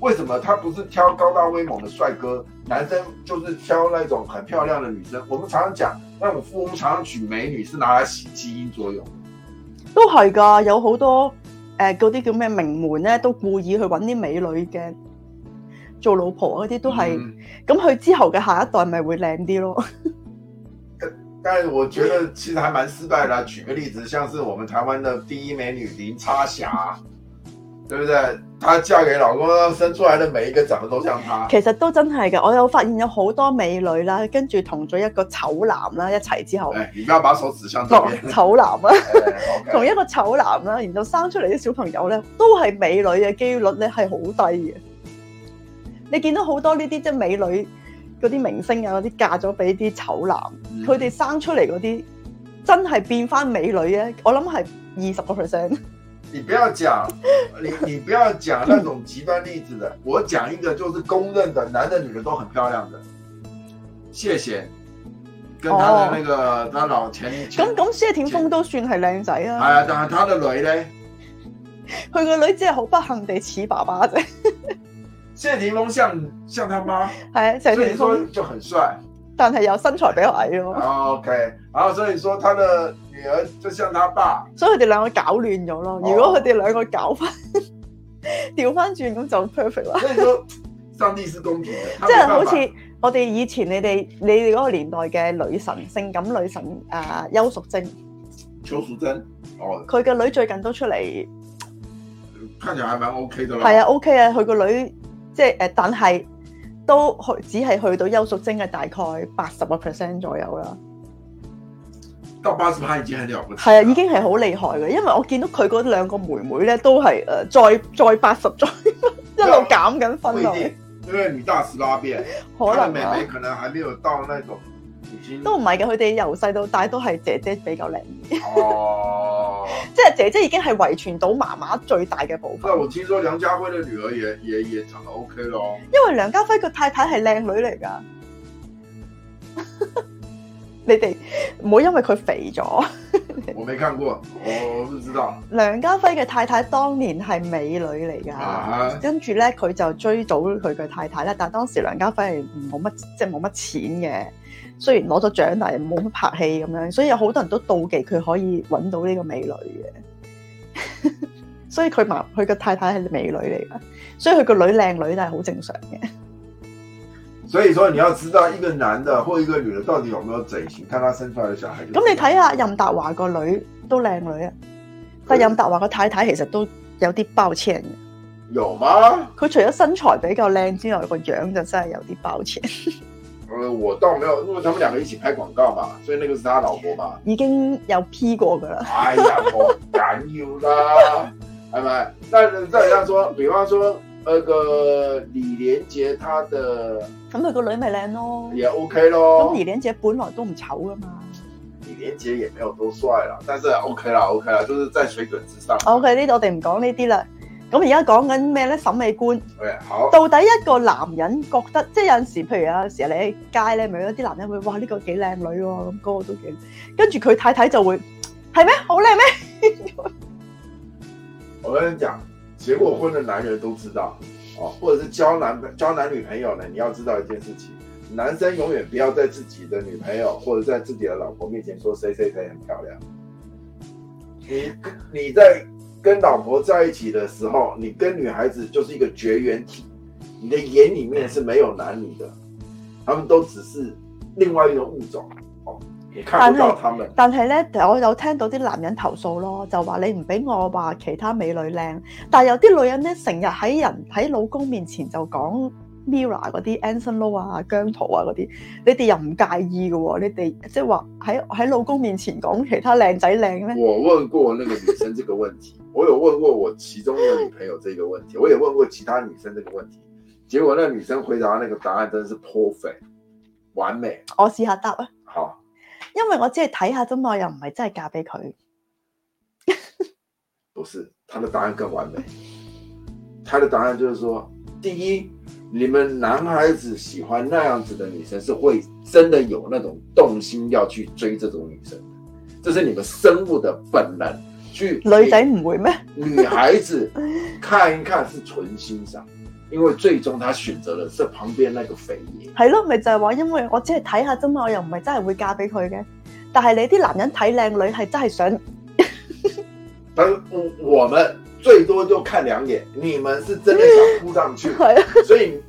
為什麼他不是挑高大威猛的帥哥，男生就是挑那種很漂亮的女生？我們常常講，那種富翁常常娶美女，是拿來洗基因作用。都係噶有好多誒嗰啲叫咩名門咧，都故意去揾啲美女嘅，做老婆，嗰啲都係。咁佢之後嘅下一代咪會靚啲咯。但係我覺得其實還蠻失敗啦。舉個例子，像是我們台灣的第一美女林青霞。對不對？她嫁給老公生出來的每一個，長得都像她。其實都真係嘅，我有發現有好多美女啦，跟住同咗一個醜男啦一齊之後，而、哎、家把手指向、哦、醜男啦。同 一個醜男啦，然後生出嚟嘅小朋友呢，都係美女嘅幾率呢係好低嘅。你見到好多呢啲即係美女嗰啲明星啊，嗰啲嫁咗俾啲醜男，佢、嗯、哋生出嚟嗰啲真係變翻美女啊，我諗係二十個 percent。你不要講，你你不要講那種極端例子的。 我講一個就是公認的，男的女的都很漂亮的，謝賢跟他的那個、哦、他老前。咁咁，謝霆鋒都算係靚仔啊。係啊，但係他的女咧，佢個女只係好不幸地似爸爸啫。 謝霆鋒像像他媽。係啊，謝霆鋒就很帥。但係又身材比較矮咯。OK，然、啊、後所以說，他的女兒就像他爸，所以佢哋兩個搞亂咗咯、哦。如果佢哋兩個搞翻調翻轉咁就 perfect 啦。所以說，上帝是公平，即係好似我哋以前你哋你哋嗰個年代嘅女神、性感女神啊、呃，邱淑貞。邱淑貞，哦，佢嘅女最近都出嚟，睇下係咪 OK 到啦？係啊，OK 啊，佢、okay、個女即係誒，但係。都去只係去到邱淑貞嘅大概八十個 percent 左右啦，得八十 percent 已經係呢個 percent。係啊，已經係好厲害嘅，因為我見到佢嗰兩個妹妹咧，都係誒再再八十再一路減緊分啊。誒，女大十八變，可能妹妹可能還沒有到那個，已經都唔係嘅，佢哋由細到大都係姐姐比較靚。即係姐姐已經係遺傳到媽媽最大嘅部分。但我聽說梁家輝嘅女兒也也也長得 OK 咯。因為梁家輝個太太係靚女嚟噶， 你哋唔好因為佢肥咗。 我未看過，我唔知道。梁家輝嘅太太當年係美女嚟噶。啊，跟住咧佢就追到佢嘅太太咧，但係當時梁家輝係冇乜即係冇乜錢嘅。雖然攞咗獎，但係冇乜拍戲咁樣，所以有好多人都妒忌佢可以揾到呢個美女嘅。 所以佢麻，佢個太太係美女嚟噶，所以佢個女靚女，都係好正常嘅。所以說你要知道一個男的或一個女的到底有沒有整形，睇下生出來嘅小孩。咁你睇下任達華個女都靚女啊，但係任達華個太太其實都有啲抱歉嘅。有嗎，佢除咗身材比較靚之外，個樣就真係有啲抱歉。呃、我倒沒有，因為他們兩個一起拍廣告嘛，所以那個是他老婆嘛。已經有 P 過噶啦。 哎呀，好感憂啦，係 咪？但再樣說，比方說，那、呃、個、嗯、李連杰他的，咁佢個女咪靚咯，嗯、也 OK 咯。咁李連杰本來都唔醜噶嘛。李連杰也沒有多帥啦，但是 OK 啦，OK 啦，就是在水準之上。OK，呢度我哋唔講呢啲啦。咁而家講緊咩咧審美觀？Okay, 好，到底一個男人覺得，即係有陣時，譬如有時你喺街咧，咪有啲男人會，哇呢、這個幾靚女喎、哦，咁、這、嗰個都幾，跟住佢太太就會係咩？好靚咩？ 我跟你講，結過婚嘅男人都知道，哦，或者是交男朋交男女朋友咧，你要知道一件事情，男生永遠不要在自己的女朋友或者在自己的老婆面前說誰誰誰很漂亮。你你在。跟老婆在一起的時候，你跟女孩子就是一個絕緣體，你的眼裏面是沒有男女的，他們都只是另外一個物種。哦，你看不到他們。但係呢，我有聽到啲男人投訴咯，就話你唔俾我話其他美女靚，但係有啲女人呢，成日喺人喺老公面前就講。Mira 嗰啲 Anson Lo 啊、姜濤啊嗰啲，你哋又唔介意嘅喎、哦？你哋即係話喺喺老公面前講其他靚仔靚咩？我問過那個女生這個問題， 我有問過我其中一個女朋友這個問題，我有問過其他女生這個問題，結果那女生回答那個答案真是 perfect，完，完美。我試下答啊，吓， 因為我只係睇下啫嘛，又唔係真係嫁俾佢。 不是，他的答案更完美。他的答案就是說，第一。你們男孩子喜歡那樣子的女生，是會真的有那種動心要去追這種女生的，這是你們生物的本能。去女仔唔會咩？女孩子看一看是純欣賞，因為最終她選擇的是旁邊那個肥嘢。係咯，咪就係話，因為我只係睇下啫嘛，我又唔係真係會嫁俾佢嘅。但係你啲男人睇靚女係真係想。嗯、我我們。最多就看兩眼，你們是真的想撲上去， 啊、所以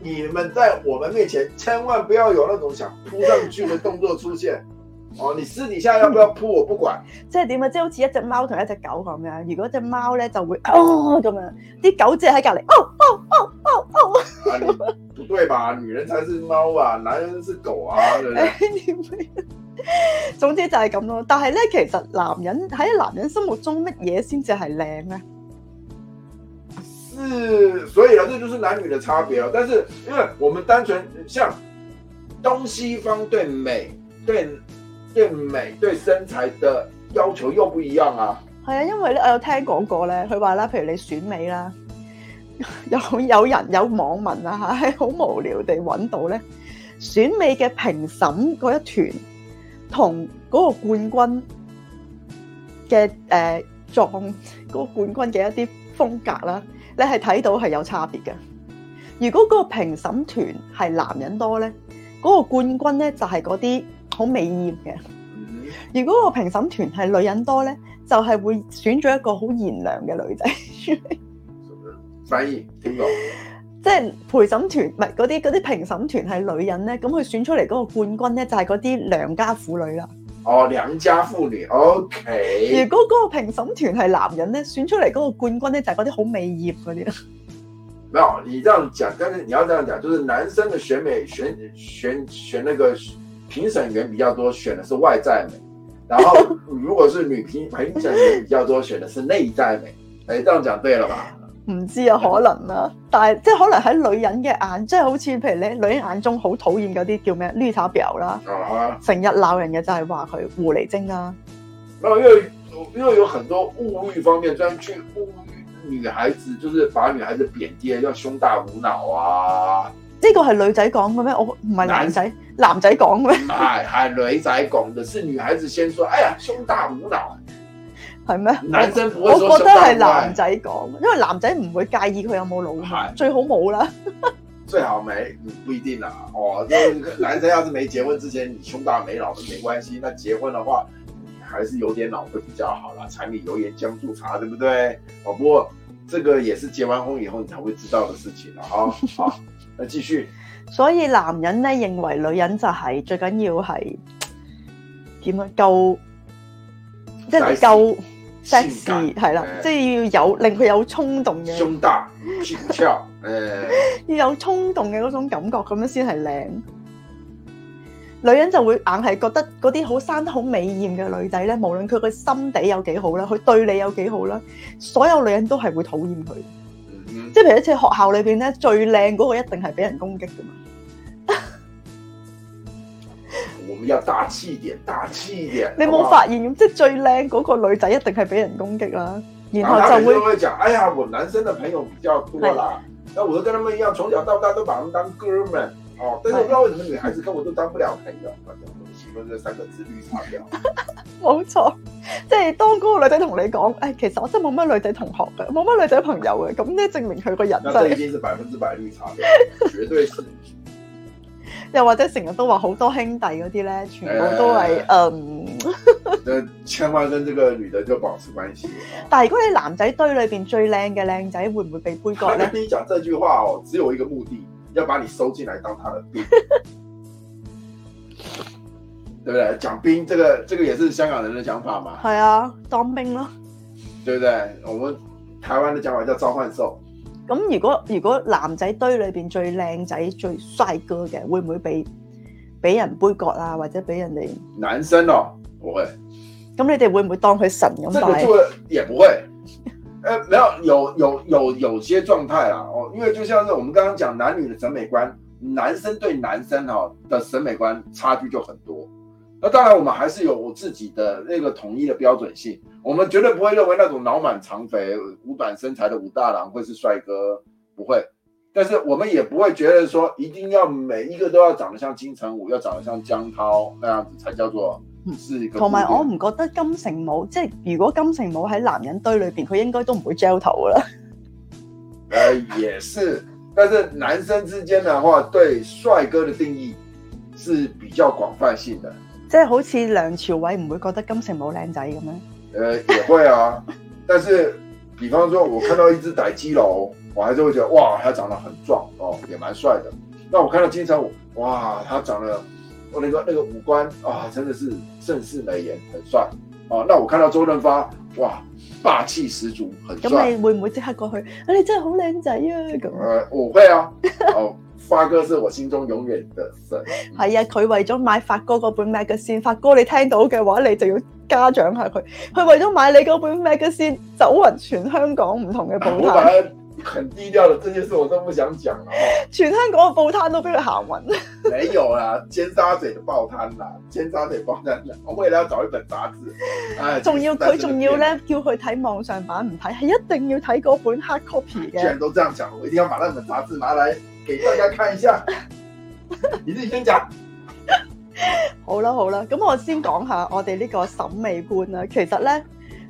你們在我們面前千萬不要有那種想撲上去的動作出現。 哦，你私底下要不要撲我不管。即係點啊？即係好似一隻貓同一隻狗咁樣，如果隻貓咧就會哦、呃、咁樣，啲狗隻喺隔籬哦哦哦哦哦。呃呃呃呃 啊、你不對吧？女人才是貓吧，男人是狗啊？對不對？ 總之就係咁咯，但係咧，其實男人喺男人心目中乜嘢先至係靚咧？是，所以啊，這就是男女嘅差別啊。但是，因為我們單純像東西方對美、對對美、對身材的要求又不一樣啊。係啊，因為咧，我有聽講過咧，佢話啦，譬如你選美啦，有有人有網民啊，係好無聊地搵到咧選美嘅評審嗰一團。同嗰個冠軍嘅，誒壯，嗰個冠軍嘅一啲風格啦，你係睇到係有差別嘅。如果嗰個評審團係男人多咧，嗰、那個冠軍咧就係嗰啲好美豔嘅、嗯；如果個評審團係女人多咧，就係、是、會選咗一個好賢良嘅女仔。咁樣，反而點講？即、係陪審團唔係嗰啲嗰啲評審團係女人咧，咁佢選出嚟嗰個冠軍咧就係嗰啲良家婦女啦。哦，良家婦女，OK。如果嗰個評審團係男人咧，選出嚟嗰個冠軍咧就係嗰啲好美艷嗰啲。冇，你這樣講，跟住你要這樣講，就是男生的選美選選選那個評審員比較多，選的是外在美。然後如果是女評評審員比較多，選的是內在美。誒，這樣講對了吧？ 唔知啊，可能啦、啊，但係即係可能喺女人嘅眼，即係好似譬如你女人眼中好討厭嗰啲叫咩啊？綠茶婊啦，成日鬧人嘅就係話佢狐狸精啦。因為因為有很多物慾方面，真係去物女孩子，就是把女孩子貶低，叫胸大無腦啊。呢個係女仔講嘅咩？我唔係男仔，男仔講嘅咩？係係女仔講嘅，是女孩子先說，哎呀，胸大無腦。係咩？我，我，我覺得係男仔講，因為男仔唔會介意佢有冇腦，最好冇啦。最好沒唔 不一定啦。哦，即男生要是沒結婚之前，你 胸大沒腦的沒關係。那結婚的話，你還是有點腦會比較好啦。柴米油鹽醬醋茶，對不對？哦，不過這個也是結完婚以後你才會知道的事情啦。哈、哦，好，那繼續。 所以男人呢，認為女人就係、是、最緊要係點樣夠，即係夠。就是 sexy 係啦，即係要有令佢有衝動嘅胸大，胸翹，誒，嗯、 要有衝動嘅嗰種感覺，咁樣先係靚。女人就會硬係覺得嗰啲好生得好美艷嘅女仔咧，無論佢個心地有幾好啦，佢對你有幾好啦，所有女人都係會討厭佢。即係譬如一次學校裏邊咧，最靚嗰個一定係俾人攻擊噶嘛。我們要大氣一點，大氣一點。你冇發現，即係最靚嗰個女仔一定係俾人攻擊啦，啊，然後就會，啊、會講，哎呀，我男生的朋友比較多啦，那我都跟他們一樣，從小到大都把他們當哥們哦。但是，我為什麼女孩子跟我都當不了朋友？反正我都喜歡這三個字：差別「綠茶婊。冇 錯，即係當嗰個女仔同你講，誒、哎，其實我真係冇乜女仔同學嘅，冇乜女仔朋友嘅。咁呢，證明佢個人，那這一定、嗯、是百分之百綠茶婊，絕對是。 又或者成日都話好多兄弟嗰啲咧，全部都係誒，哎嗯、就千萬跟這個女的就保持關係。 但係如果你男仔堆裏邊最靚嘅靚仔，會唔會被杯葛咧？我跟你講這句話哦，只有一個目的，要把你收進來當他的兵， 對不對？講兵，這個這個也是香港人的講法嘛。係啊，當兵咯，對不對？我們台灣的講法叫召喚獸。咁如果如果男仔堆裏邊最靚仔最帥哥嘅，會唔會俾俾人杯角杯葛啊？或者俾人哋男生哦，不會。咁你哋會唔會當佢神咁、啊？這個就也不會，誒、呃，沒有有有有有些狀態啦，哦，因為就像是我們剛剛講男女嘅審美觀，男生對男生哈、哦、的審美觀差距就很多。那當然，我們還是有我自己的那個統一的標準性。我們絕對不會認為那種腦滿腸肥、五短身材的武大郎會是帥哥，不會。但是我們也不會覺得說一定要每一個都要長得像金城武，要長得像江濤那樣子才叫做是一個。同埋，我唔覺得金城武即係，如果金城武喺男人堆裏邊，佢應該都唔會焦頭啦。誒、呃，也是。但是男生之間的話，對帥哥的定義是比較廣泛性的。即係好似梁朝偉唔會覺得金城武靚仔咁樣？呃，也會啊！ 但是，比方說，我看到一隻大肌佬，我還是會覺得，哇，他長得很壯哦，也蠻帥的。那我看到金城武，哇，他長得，我那個那個五官啊，真的是盛世美顏，很帥啊！那我看到周潤發，哇，霸氣十足，很帥。咁你會唔會即刻過去？啊、你真係好靚仔啊！咁誒、呃，我會啊！好、 哦。發哥是我心中永遠的神。係啊，佢、啊、為咗買發哥嗰本 magazine，發哥你聽到嘅話，你就要嘉獎下佢。佢為咗買你嗰本 magazine 走匀全香港唔同嘅報攤、哎。我本來很低調嘅，這些事我都不想講啊、哦。全香港嘅報攤都俾佢行匀。沒有啦，尖沙咀嘅報攤啦，尖沙咀報攤啦，我為咗要找一本雜誌。唉、哎，仲要佢仲要咧，叫佢睇網上版唔睇，係一定要睇嗰本 hard copy 嘅。既然都這樣講，我一定要把那本雜誌拿來。給大家看一下，你自己先講。 好啦好啦，咁我先講下我哋呢個審美觀啦。其實呢，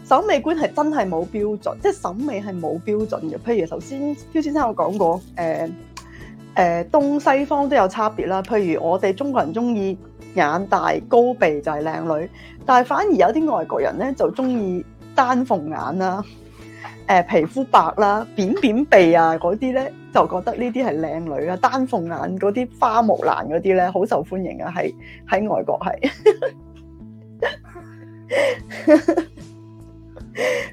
審美觀係真係冇標準，即係審美係冇標準嘅。譬如頭先 Q 先生有講過，誒、呃、誒、呃，東西方都有差別啦。譬如我哋中國人中意眼大高鼻就係靚女，但係反而有啲外國人呢，就中意丹鳳眼啦。誒、呃，皮膚白啦，扁扁鼻啊，嗰啲咧就覺得呢啲係靚女啊，丹鳳眼嗰啲花木蘭嗰啲咧好受歡迎啊，喺喺外國係。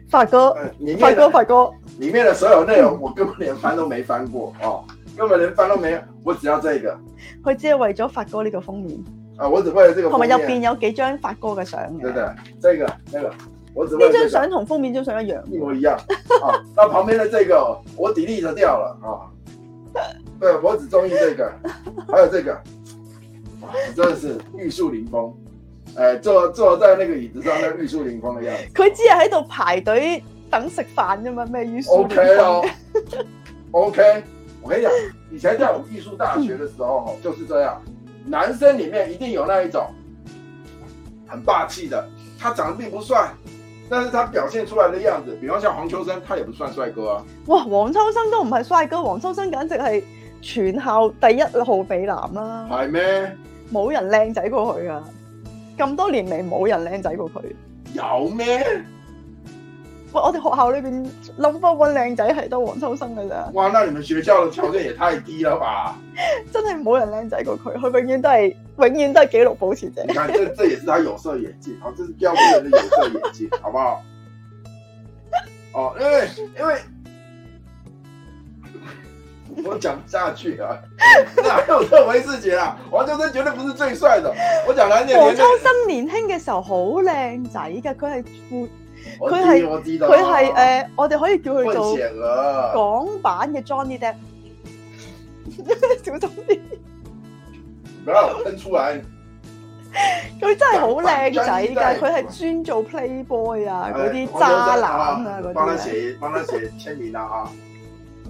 發 哥，發哥，發哥，裏面的所有內容我根本連翻都沒翻過 哦，根本連翻都沒，我只要這個。佢只係為咗發哥呢個封面。啊，我只為咗這個封面。同埋入邊有幾張發哥嘅相。對，對對，這個，那個。那、這個、張相同封面張相一樣，一模一樣。哦、 啊，那旁邊的這個，我 delete 就掉了啊。對，我只中意這個， 還有這個，真、啊、的是玉樹臨風。誒、哎，坐坐在那個椅子上，那個、玉樹臨風的樣子。佢只係喺度排隊等食飯啫嘛，咩意思 OK 咯，O K。Okay 哦、 okay, 我跟你講，以前在我藝術大學的時候， 就是這樣，男生裏面一定有那一種，很霸氣的，他長得並不帥。但是他表現出來的樣子，比方像黃秋生，他也不算帥哥啊。哇，黃秋生都唔係帥哥，黃秋生簡直係全校第一號美男啦。係咩？冇人靚仔過佢啊！咁多年嚟冇人靚仔過佢。有咩？我哋學校呢邊諗法搵靚仔係得黃秋生嘅咋。哇，那你們學校嘅條件也太低啦吧？ 真係冇人靚仔過佢，佢永遠都係永遠都係紀錄保持者。你看，這這也是他有色眼鏡，啊，這是第二個人嘅有色眼鏡， 好不好？哦、啊，因為因為我講唔下去啊，哪有這回事節啊？黃秋生絕對不是最帥的。我講啦，黃秋生年輕嘅時候好靚仔嘅，佢係富。佢係佢係誒，我哋、uh, 呃、可以叫佢做港版嘅 Johnny Depp， 小心東啲西，唔 好噴出嚟。佢 真係好靚仔噶，佢係專做 Playboy 啊嗰啲渣男啊嗰啲。幫佢寫，幫佢寫簽名啊。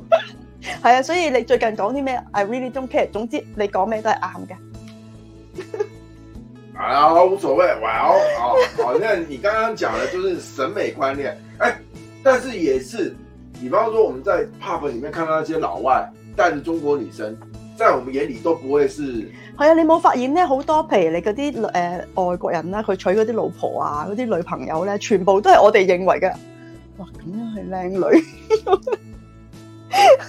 吓。係啊，所以你最近講啲咩？I really don't care。總之你講咩都係啱嘅。 啊， 無所謂，玩哦，啊，好，那你剛剛講的就是審美觀念，哎、欸，但是也是，比方說我們在 pub 裏面看到那些老外帶住中國女生，在我們眼裏都不會是係啊、哎，你冇發現咧好多皮，譬如你啲誒、呃、外國人啦、啊，佢娶嗰啲老婆啊，嗰啲女朋友咧，全部都係我哋認為嘅，哇，咁樣係靚女。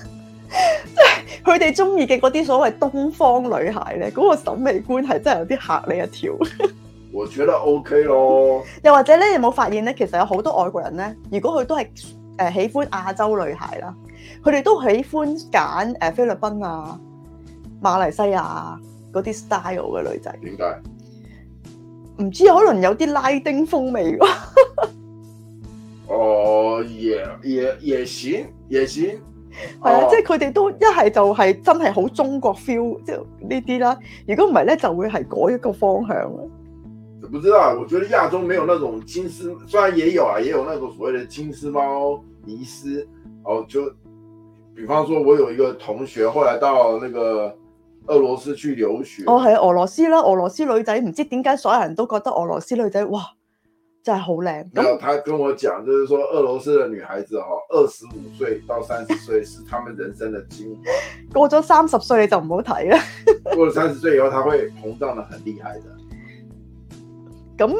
即係佢哋中意嘅嗰啲所謂東方女孩咧，嗰個審美觀係真係有啲吓你一跳。我覺得 OK 咯。又或者咧，你有冇發現咧？其實有好多外國人咧，如果佢都係誒喜歡亞洲女孩啦，佢哋都喜歡揀誒菲律賓啊、馬來西亞嗰啲 style 嘅女仔。點解？唔知可能有啲拉丁風味。哦，也也也行，也行。係啊，哦、即係佢哋都一係就係真係好中國 feel，即係呢啲啦。如果唔係咧，就會係嗰一個方向。唔知啊，我覺得亞洲沒有那種金絲，雖然也有啊，也有那種所謂的金絲貓、尼絲哦。就比方說我有一個同學，後來到那個俄羅斯去留學。哦，係俄羅斯啦，俄羅斯女仔唔知點解所有人都覺得俄羅斯女仔哇。真係好靚，然後他跟我講，就是說，俄羅斯的女孩子哦，二十五歲到三十歲是他們人生的精華， 過咗三十歲你就唔好睇啦。過咗三十歲以後，佢會膨脹得很厲害的。咁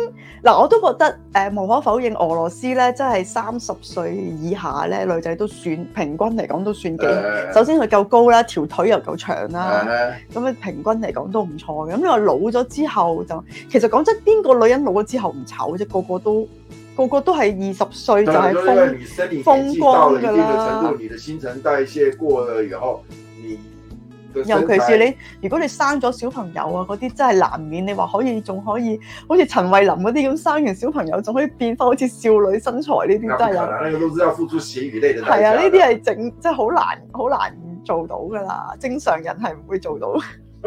嗱，我都覺得誒、呃，無可否認，俄羅斯咧，真係三十歲以下咧，女仔都算平均嚟講都算幾。Uh -huh. 首先佢夠高啦，條腿又夠長啦，咁、uh、啊 -huh. 平均嚟講都唔錯嘅。咁你話老咗之後就，其實講真，邊個女人老咗之後唔醜啫？個個都個個都係二十歲就係、是、風、就是這個、程度風光嘅啦。你嘅新陳代謝過咗以後，你。的尤其是你，如果你生咗小朋友啊，嗰啲真係難免。你話可以仲可以，好似陳慧琳嗰啲咁生完小朋友，仲可以變翻好似少女身材呢啲，那個啊，真係有。都知要付出血與淚嘅。係啊，呢啲係整，即係好難，好難做到噶啦。正常人係唔會做到，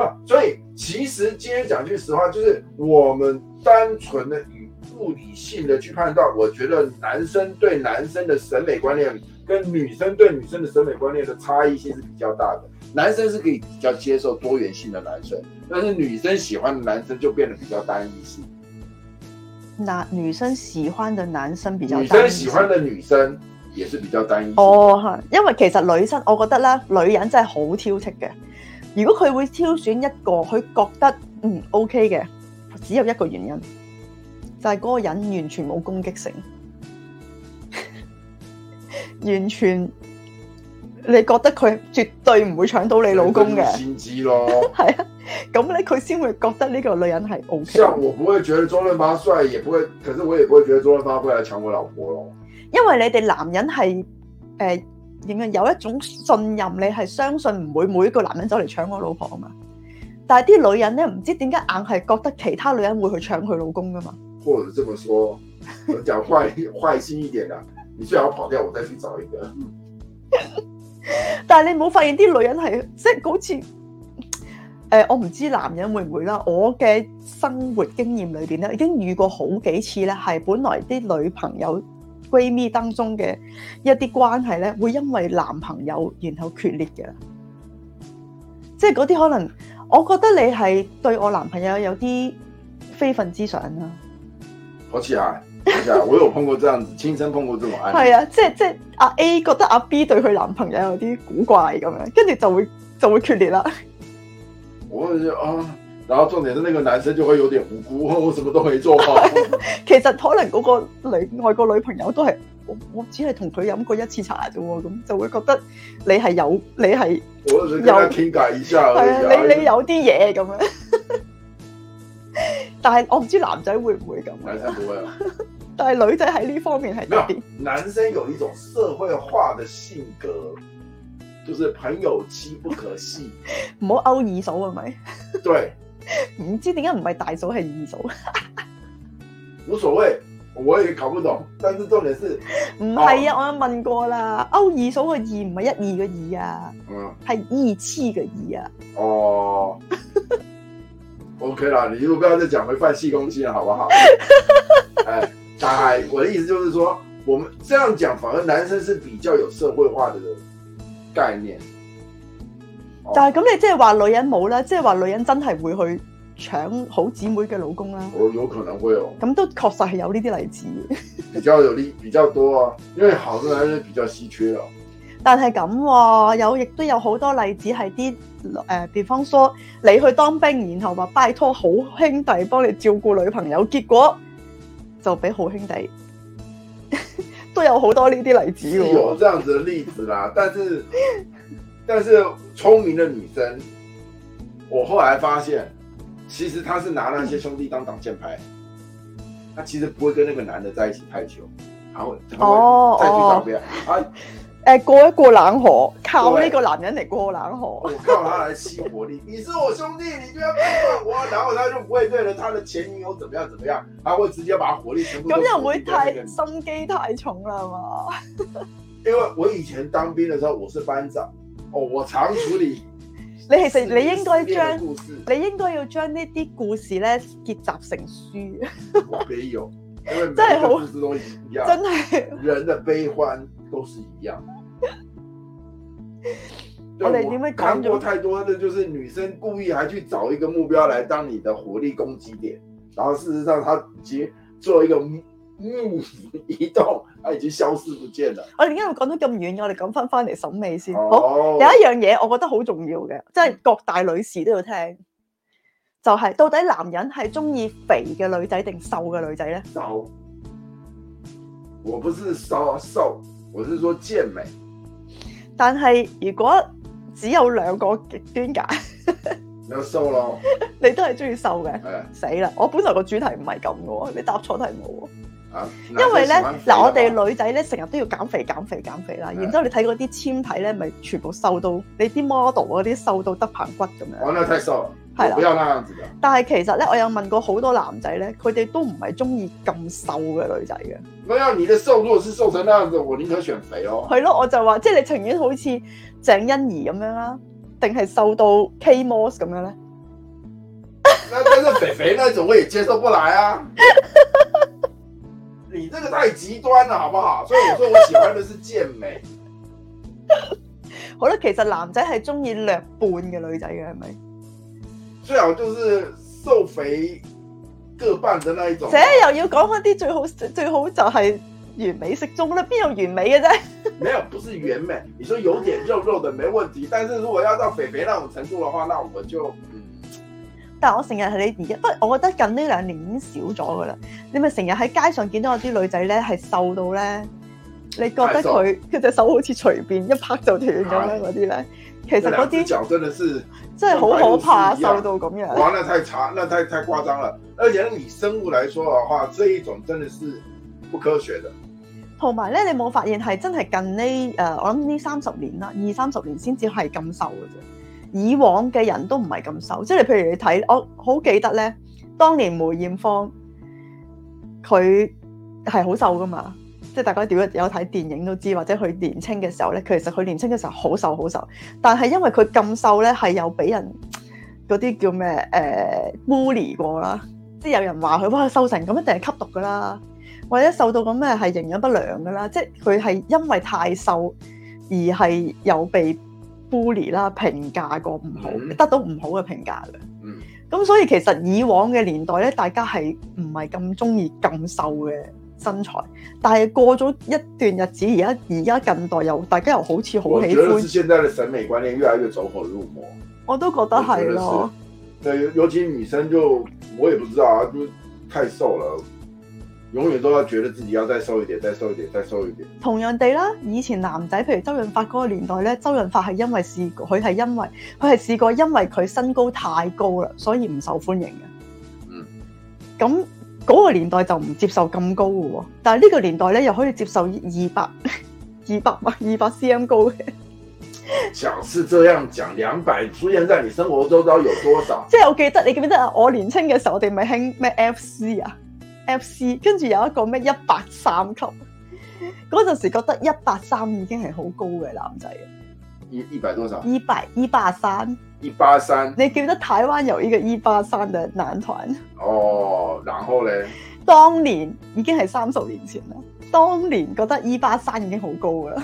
啊。所以其實今日講句實話，就是我們單純的以不理性的去判斷，我覺得男生對男生的審美觀念，跟女生對女生的審美觀念的差異性是比較大的。男生是可以比較接受多元性的男生，但是女生喜歡的男生就變得比較單一性。那女生喜歡的男生比較，女生喜歡的女生也是比較單一。哦，因為其實女生，我覺得咧，女人真係好挑剔嘅。如果佢會挑選一個佢覺得嗯 OK 嘅，只有一個原因，就係、是、嗰個人完全冇攻擊性， 完全。你覺得佢絕對唔會搶到你老公嘅，先知咯。係 啊，咁咧佢先會覺得呢個女人係 OK。即係我唔會覺得周潤發帥，也不會，可是我也不會覺得周潤發會嚟搶我老婆咯。因為你哋男人係誒點啊，有一種信任，你係相信唔會每一個男人走嚟搶我老婆啊嘛。但係啲女人咧唔知點解硬係覺得其他女人會去搶佢老公㗎嘛？或者這麼說，我講壞壞心一點啊。 你最好跑掉，我再去找一個。 但係你冇發現啲女人係即係好似誒、呃，我唔知男人會唔會啦。我嘅生活經驗裏邊咧，已經遇過好幾次咧，係本來啲女朋友、閨蜜當中嘅一啲關係咧，會因為男朋友然後決裂嘅。即係嗰啲可能，我覺得你係對我男朋友有啲非分之想啦。好似係。 我有碰過這樣子，親身碰過這種案例。係啊，即係即係阿 A 覺得阿 B 對佢男朋友有啲古怪咁樣，跟住就會就會決裂啦。我啊，然後重點是，那個男生就會有點無辜，我什麼都沒做 其實可能嗰個女外國女朋友都係我，我只係同佢飲過一次茶啫，咁就會覺得你係有，你係有偏見，係 啊，你你有啲嘢咁樣，啊。但係我唔知男仔會唔會咁，男但係女仔喺呢方面係點？男生有一種社會化的性格，就是朋友妻不可欺，唔好勾二嫂，係、啊、咪？對，唔 知點解唔係大嫂係二嫂， 無所謂，我也搞不懂。但是重點是，唔係啊、哦！我有問過啦，勾二嫂嘅二唔係一二嘅二啊，嗯，係義氣嘅二啊。哦 ，OK 啦，你如果不要再講，會犯氣公戲啦，好不好？ 哎但係我的意思就是說，我們這樣講反而男生是比較有社會化的概念。但係咁你即係話女人冇啦，即係話女人真係會去搶好姊妹嘅老公啦。我、哦、有可能會、哦，咁都確實係有呢啲例子。比較有呢啲比較多啊，因為好多男人比較稀缺啊。但係咁、哦、有亦都有好多例子係啲誒，比、呃、方說你去當兵，然後話拜託好兄弟幫你照顧女朋友，結果。就俾好兄弟都有好多呢啲例子，有這樣子的例子啦。但是， 但是聰明的女生，我後來發現，其實她是拿那些兄弟當擋箭牌，她其實不會跟那個男的在一起太久，她會再去找別人啊。Oh, oh. 哎誒，過一過冷河，靠呢個男人嚟過冷河， 我靠他嚟吸火力。你是我兄弟，你就要幫我， 然後他就不會對人他的前女友怎麼樣怎麼樣，他會直接把火力全部。咁又唔會太心機太重啦嘛？ 因為我以前當兵的時候，我是班長，哦，我常處理。你其實你應該將，你應該要將呢啲故事咧結集成書。冇， 因為每個故事都一樣，真係人的悲歡都是一樣。韓 國太多，的就是女生故意還去找一個目標來當你的火力攻擊點，然後事實上，他只做一個目府移動，他已經消失不見了。 我哋點解要講到咁遠？我哋講翻翻嚟審美先。好，oh. 有一樣嘢，我覺得好重要嘅，即係各大女士都要聽，就係、是、到底男人係中意肥嘅女仔定瘦嘅女仔咧？瘦，我不是說瘦，瘦，我是說健美。但係如果只有兩個極端㗎？有瘦咯，你都係中意瘦嘅，死、yeah. 啦！我本來個主題唔係咁嘅，你答錯題冇喎。啊、uh, no？因為咧嗱，no, no, so、我哋女仔咧成日都要減肥減肥減肥啦，yeah. 然之後你睇嗰啲纖體咧，咪全部瘦到你啲 model 嗰啲瘦到得棚骨咁樣。玩得太瘦。係啦，不要那樣子嘅。但係其實咧，我有問過好多男仔咧，佢哋都唔係中意咁瘦嘅女仔嘅。那要你嘅瘦，如果是瘦成那樣子，我寧可選肥咯。係咯，我就話，即係你情願好似鄭欣宜咁樣啦，定係瘦到 K Moss 咁樣咧？那那是肥肥那種，我也接受不來啊。 你這個太極端啦，好不好？所以我說我喜歡的是健美。 好啦，其實男仔係中意略胖嘅女仔嘅，係咪？最好就是瘦肥各半的那一種，這又要講開啲最好最好就係完美適中啦，邊有完美嘅啫？ 沒有，不是完美。你說有點肉肉的沒問題，但是如果要到肥肥那種程度的話，那我們就、嗯、但我成日睇呢啲，不，我覺得近呢兩年已經少咗噶啦。你咪成日喺街上見到有啲女仔咧，係瘦到咧，你覺得佢佢隻手好似隨便一拍就斷咁樣嗰啲咧，其實嗰啲腳真的是。真係好可怕，瘦到咁樣。玩得太慘啦，太太誇張啦！而且以生物來說嘅話，這一種真的是不科學的。同埋咧，你冇發現係真係近呢誒？我諗呢三十年啦，二三十年先至係咁瘦嘅啫。以往嘅人都唔係咁瘦，即係你譬如你睇，我好記得咧，當年梅艷芳佢係好瘦噶嘛。即係大家點樣有睇電影都知，或者佢年青嘅時候咧，其實佢年青嘅時候好瘦好瘦，但係因為佢咁瘦咧，係有俾人嗰啲叫咩誒 bully 過啦，即係有人話佢哇，瘦成咁，一定係吸毒噶啦，或者瘦到咁咩係營養不良噶啦，即係佢係因為太瘦而係有被 bully 啦，評價過唔好，得到唔好嘅評價嘅。咁、嗯、所以其實以往嘅年代咧，大家係唔係咁中意咁瘦嘅？身材，但係過咗一段日子，而家而家近代又大家又好似好喜歡。我覺得係現在嘅審美觀念越來越走火入魔。我都覺得係咯，對，尤其女生就我也不知道啊，就太瘦了，永遠都要覺得自己要再瘦一點，再瘦一點，再瘦一點。同樣地啦，以前男仔，譬如周潤發嗰個年代咧，周潤發係因為試過，佢係因為佢係試過，因為佢身高太高啦，所以唔受歡迎嘅。嗯，咁。嗰個年代就唔接受咁高嘅喎，但係呢個年代咧又可以接受二百二百米二百 cm 高嘅。講是這樣講，兩百出現在你生活周遭有多少？即 係我記得，你記唔記得啊？我年輕嘅時候，我哋咪興咩 FC 啊，FC，跟住有一個咩一百三級，嗰陣時覺得一百三已經係好高嘅男仔。一一百多少？一百一百三。一八三，你記得台灣有呢個一八三嘅男團哦？然後咧，當年已經係三十年前啦。當年覺得一八三已經好高噶啦。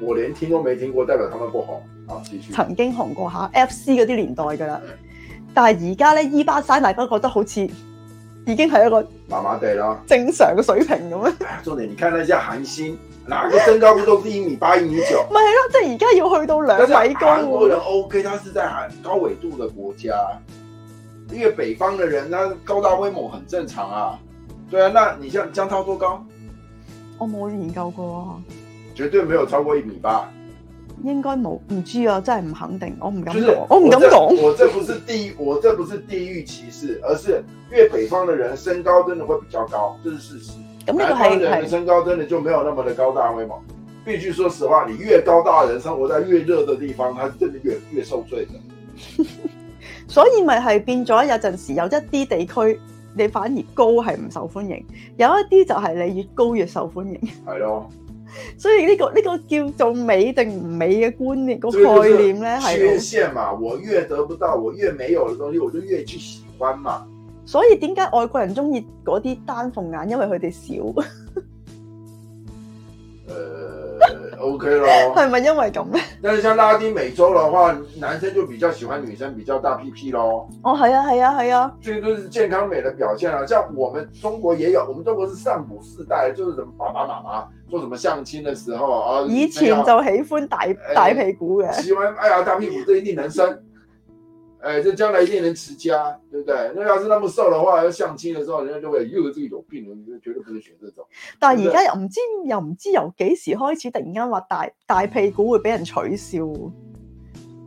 我連聽都未聽過，代表他們唔紅啊？繼續曾經紅過下 FC 嗰啲年代噶啦，但係而家咧一八三大家覺得好似已經係一個麻麻地啦，正常嘅水平咁樣。Tony，你看呢家韓星。哪個身高不都是一米八一米九？咪係咯，即係而家要去到兩米高喎、啊。韓人，人 OK，他是在很高緯度的國家，因為北方的人，他高大威猛很正常啊。對啊，那你像姜濤多高？我冇研究過，絕對沒有超過一米八，應該冇，唔知啊，真係唔肯定，我唔敢講、就是，我唔敢講。我這不是地我這不是地域歧視，而是因為北方的人身高真的會比較高，這、就是事實。咁呢南方人身高真的就沒有那麼的高大威猛，必須說實話，你越高大人生活在越熱嘅地方，他真的越越受罪的。 所以咪係變咗有陣時有一啲地區你反而高係唔受歡迎，有一啲就係你越高越受歡迎。係咯，所以呢、呢個呢、呢個叫做美定唔美嘅觀念、個概念咧，係 缺陷嘛，我越得不到，我越沒有嘅東西，我就越去喜歡嘛。所以點解外國人中意嗰啲單鳳眼？因為佢哋少。誒、 呃、OK 咯，係 咪因為咁？但係像拉丁美洲嘅話，男生就比較喜歡女生比較大屁屁咯。哦，係啊，係啊，係啊，呢個都係健康美的表現啊。像我們中國也有，我們中國是上古時代，就是什麼爸爸媽媽，做什麼相親嘅時候啊，以前就喜歡大大屁股嘅，喜歡哎呀，哎呀大屁股，這一定能生。 哎，這將來一定能持家，對不對？那要是那麼瘦的話，要相親的時候，人家就會以為自己有這種病，你絕對不能選這種。但係而家又唔知對對又唔知由幾時開始，突然間話大大屁股會俾人取笑，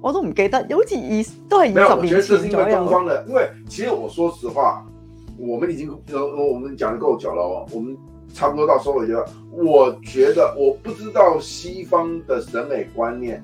我都唔記得，好似二都係二十年前左右。因為的，因為其實我說實話，我們已經夠，我們講的夠久了，我們差不多到收尾階段。我覺得，我不知道西方的審美觀念。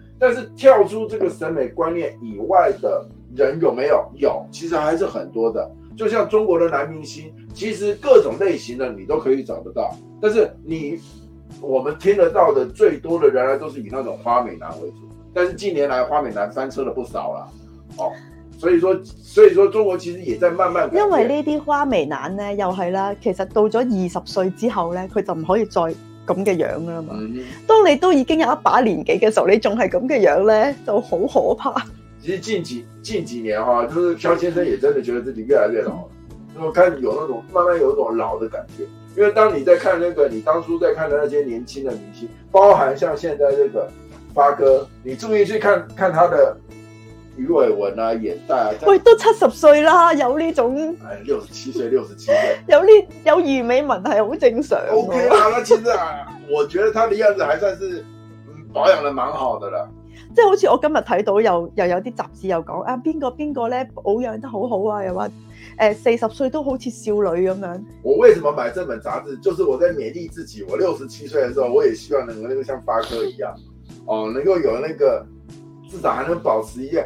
但是跳出這個審美觀念以外的人有沒有？有，其實還是很多的。就像中國的男明星，其實各種類型的你都可以找得到。但是你我們聽得到的最多的，原來都是以那種花美男為主。但是近年來花美男翻車了不少了，哦，所以說，所以說中國其實也在慢慢因為呢啲花美男呢，又係啦，其實到咗二十歲之後呢，佢就唔可以再。咁嘅樣噶嘛？當你都已經有一把年紀嘅時候，你仲係咁嘅樣咧，就好可怕。其實近幾近幾年啊，都、就、漂、是、先生也真的覺得自己越來越老，我、嗯、看有那種慢慢有一種老的感覺。因為當你在看那個你當初在看的那些年輕的明星，包含像現在這、那個發哥，你注意去看看他的。魚尾紋啊，眼袋啊，喂，都七十歲啦，有呢種，係六十七歲，六十七歲，有呢有魚尾紋係好正常，O K 啦，其、okay、謙啊，實啊 我覺得他的樣子還算是、嗯、保養得蠻好的啦，即係好似我今日睇到又又有啲雜誌又講啊邊個邊個咧保養得好好啊，又話誒四十歲都好似少女咁樣。我為什麼買這本雜誌？就是我在勉勵自己，我六十七歲嘅時候，我也希望能夠能夠像發哥一樣，哦、呃，能夠有那個至少還能保持一樣。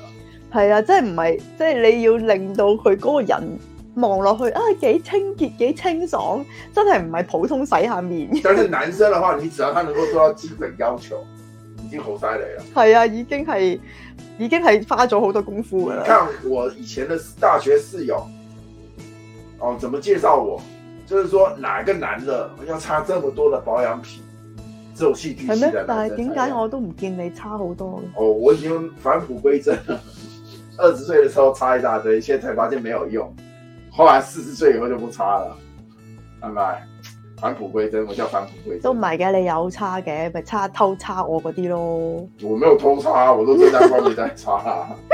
係啊，即係唔係，即係你要令到佢嗰個人望落去啊，幾清潔，幾清爽，真係唔係普通洗下面。但是男生嘅話，你只要他能夠做到基本要求，已經好犀利啦。係啊，已經係，已經係花咗好多功夫噶啦。你看我以前嘅大學室友，哦，怎麼介紹我？就是說，哪個男的要差這麼多的保養品，就係點？係咩？但係點解我都唔見你差好多哦，我已經反腐歸正。二十歲的時候搽一大堆，現在才發現沒有用。後來四十歲以後就不搽了，拜拜，返璞歸真。我叫返璞歸真。都唔係嘅，你有搽嘅，咪搽偷搽我嗰啲咯。 我沒有偷搽，我都正大光明在搽，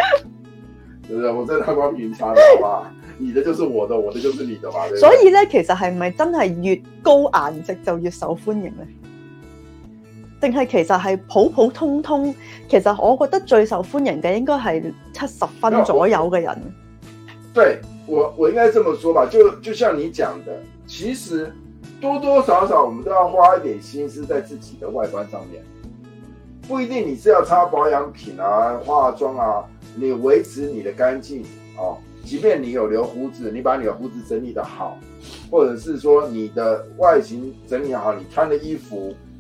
對不對？我正大光明搽，好吧，你的就是我的，我的就是你的。對對，所以咧，其實係咪真係越高顏值就越受歡迎咧？定係其實係普普通通，其實我覺得最受歡迎嘅應該係七十分左右嘅人。我對我我應該咁樣說吧，就就像你講的，其實多多少少我們都要花一點心思在自己的外觀上面。不一定你是要擦保養品啊、化妝啊，你維持你的乾淨啊。即便你有留鬍子，你把你的鬍子整理得好，或者是說你的外形整理好，你穿的衣服。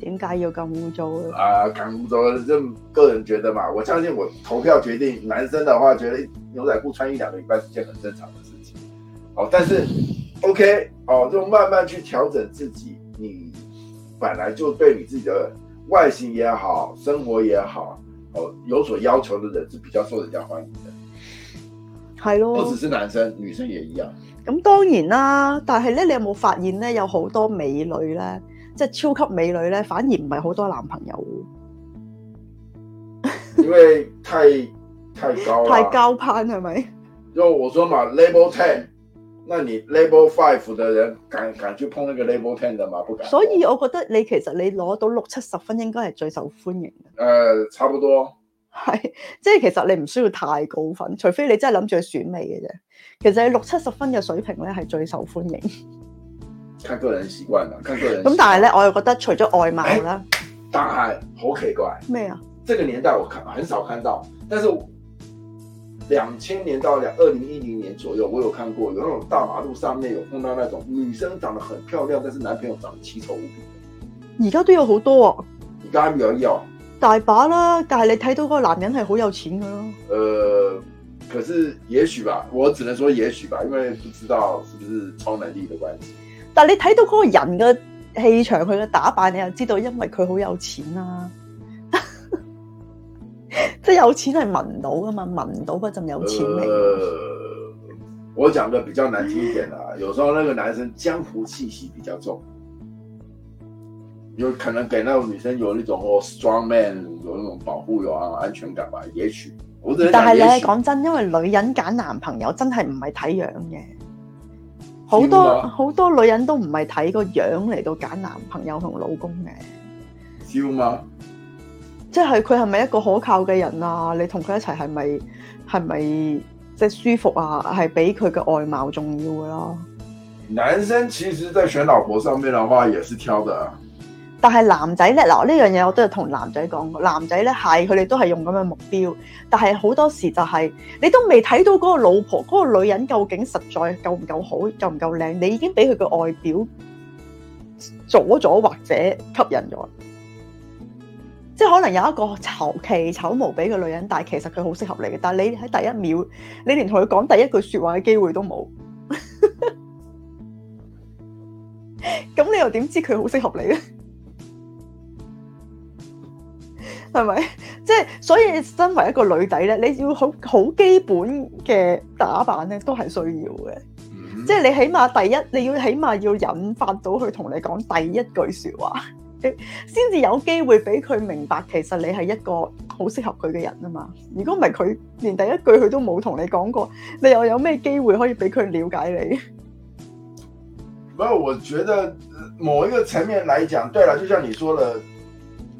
點解要咁污糟咧？啊，咁污糟，我個人覺得嘛，我相信我投票決定。男生的話，覺得牛仔褲穿一兩個禮拜是件很正常的事情。哦，但是，OK，哦，就慢慢去調整自己。你本來就對你自己的外形也好，生活也好，哦，有所要求的人是比較受人家歡迎的。係咯，不只是男生，女生也一樣。咁當然啦，但係咧，你有冇發現咧，有好多美女咧？即係超級美女咧，反而唔係好多男朋友。 因為太太高太交攀係咪？又我說嘛，level ten，那你 level five 的人敢敢去碰那個 level ten 的嘛？不敢。所以我覺得你其實你攞到六七十分應該係最受歡迎嘅。誒、呃，差不多係，即係其實你唔需要太高分，除非你真係諗住去選美嘅啫。其實你六七十分嘅水平咧係最受歡迎。看個人習慣啦，看個人。咁但係咧，我又覺得除咗外貌啦、欸，但係好奇怪咩啊？這個年代我看很少看到，但是兩千年到兩二零一零年左右，我有看過有那種大馬路上面有碰到那種女生長得很漂亮，但是男朋友長得奇醜無比。而家都有好多啊、哦！而家沒有要大把啦，但係你睇到嗰個男人係好有錢噶咯、啊呃？可是也許吧，我只能說也許吧，因為不知道是不是超能力的關係。但你睇到嗰個人嘅氣場，佢嘅打扮，你又知道，因為佢好有錢啦、啊。即 係有錢係聞到㗎嘛，聞到嗰陣有錢味、呃。我講嘅比較難聽一點啦、啊嗯，有時候那個男生江湖氣息比較重，有可能俾那個女生有一種哦 strong man，有一種保護，有安全感吧、啊。也許，我講也許，但我你係講真嘅，因為女人揀男朋友真係唔係睇樣嘅。好多好多女人都唔係睇個樣嚟到揀男朋友同老公嘅，知嘛？即係佢係咪一個可靠嘅人啊？你同佢一齊係咪係咪即係舒服啊？係比佢嘅外貌重要噶咯？男生其實，在選老婆上面嘅話，也是挑的。但係男仔呢，嗱，呢樣嘢我都係同男仔講。男仔咧，係佢哋都係用咁嘅目標，但係好多時就係、是、你都未睇到嗰個老婆、嗰、個女人究竟實在夠唔夠好、夠唔夠靚，你已經俾佢個外表阻咗或者吸引咗。即係可能有一個醜奇醜無比嘅女人，但係其實佢好適合你嘅。但係你喺第一秒，你連同佢講第一句說話嘅機會都冇，咁 你又點知佢好適合你咧？係咪？即係，所以，身為一個女仔咧，你要好好基本嘅打扮咧，都係需要嘅。Mm-hmm. 即係你起碼第一，你要起碼要引發到佢同你講第一句說話，先至有機會俾佢明白，其實你係一個好適合佢嘅人啊嘛。如果唔係，佢連第一句佢都冇同你講過，你又有咩機會可以俾佢了解你？不過，我覺得某一個層面嚟講，對啦，就像你說了。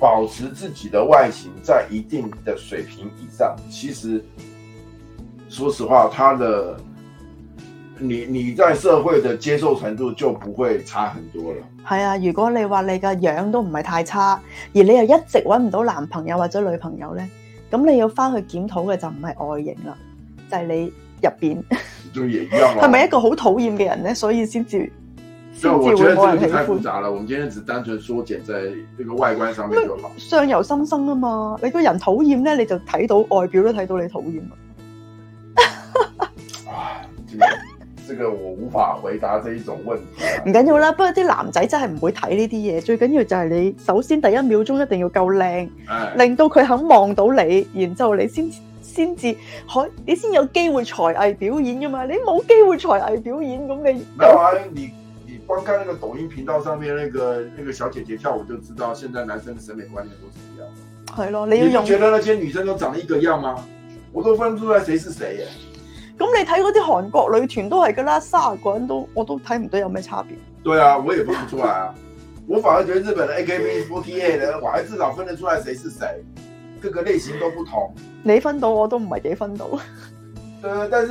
保持自己的外形在一定的水平以上，其實說實話，他的你你在社會的接受程度就不會差很多了。係啊，如果你話你嘅樣都唔係太差，而你又一直搵唔到男朋友或者女朋友呢，咁你要翻去檢討嘅就唔係外形啦，就係、是、你入邊，係咪、啊、 一個好討厭嘅人呢？所以先至。先至會有人喜歡。我覺得太複雜啦，我們今天只單純縮減在呢個外觀上面就好。相由心生啊嘛，你個人討厭咧，你就睇到外表都睇到你討厭啊。啊、 這個，這個我無法回答這一種問題、啊。唔緊要啦，不過啲男仔真係唔會睇呢啲嘢，最緊要就係你首先第一秒鐘一定要夠靚、哎，令到佢肯望到你，然之後你先先至可，你先有機會才藝表演噶嘛。你冇機會才藝表演，咁你光看那個抖音頻道上面那個那個小姐姐跳舞就知道，現在男生的審美觀念都是一樣的。係咯，你要用你覺得那些女生都長得一個樣嗎？我都分不出來誰是誰啊。咁你睇嗰啲韓國女團都係噶啦，三十個人都我都睇唔到有咩差別。對啊，我也分不出來啊。 我反而覺得日本的 AKB48 咧，我還至少分得出來誰是誰，各個類型都不同。你分到我都唔係幾分到。對 呃，但是。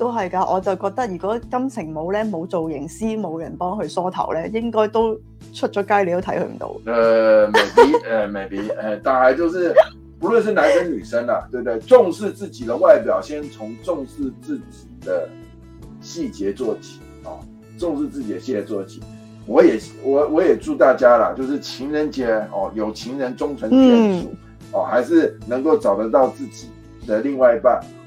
都係㗎，我就覺得如果金城武咧冇造型師冇人幫佢梳頭咧，應該都出咗街你都睇佢唔到的。呃 maybe 誒，maybe，, uh, maybe uh, 但係就是不論是男生女生啦、啊，對不對？重視自己的外表，先從重視自己的細節做起哦。重視自己的細節做起，我也我我也祝大家啦，就是情人節哦，有情人終成眷屬哦，還是能夠找得到自己的另外一半。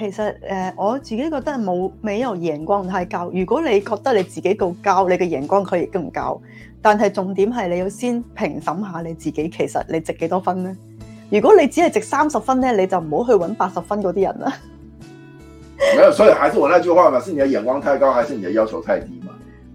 其實誒、呃，我自己覺得冇美由眼光太高。如果你覺得你自己夠高，你嘅眼光可以夠唔夠？但係重點係你要先評審下你自己，其實你值幾多分呢？如果你只係值三十分呢，你就唔好去揾八十分嗰啲人啦 所以，還是我那句話嘛，是你的眼光太高，還是你的要求太低？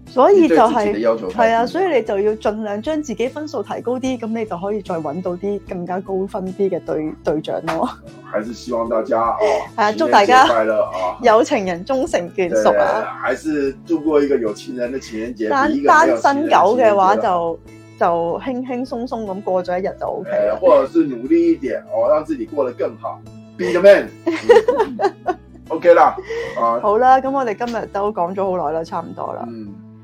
所以就係、是、係啊、嗯，所以你就要盡量將自己分數提高啲，咁你就可以再搵到啲更加高分啲嘅對對象咯。還是希望大家、哦、啊，係、啊、祝大家快樂啊！有情人終成眷屬啊，啊！還是度過一個有情人嘅情人節。單，節單身狗嘅話就就輕輕鬆鬆咁過咗一日就 O、OK、K、哎。或者是努力一點，哦，讓自己過得更好，Be the man、 嗯。O okay K 啦、 啊，好啦，咁我哋今日都講咗好耐啦，差唔多啦。嗯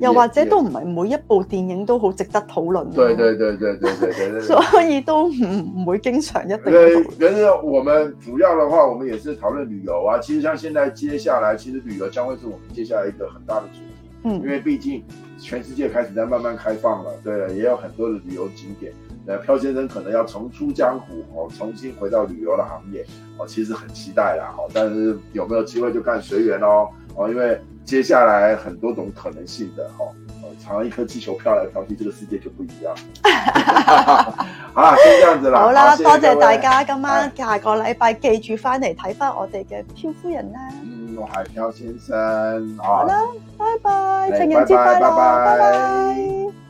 又或者都唔係每一部電影都好值得討論的。對對對對對對對，對。 所以都唔唔會經常一定對。對，其實我們主要的話，我們也是討論旅遊啊。其實像現在，接下來其實旅遊將會是我們接下來一個很大的主題。嗯。因為畢竟全世界開始在慢慢開放啦，對了，也有很多的旅遊景點。呃，漂先生可能要重出江湖哦，重新回到旅遊的行業，我其實很期待了哦，但是有沒有機會就看隨緣哦。哦，因為。接下來很多種可能性的哈，藏一顆氣球飄來飄去，這個世界就不一樣。 好啦，先這樣子啦。好啦，啊、謝謝多謝大家，今晚、Bye。下個禮拜記住翻嚟睇翻我哋嘅漂夫人啦。嗯，我係漂先生。好啦，拜拜，情人節快樂。拜拜。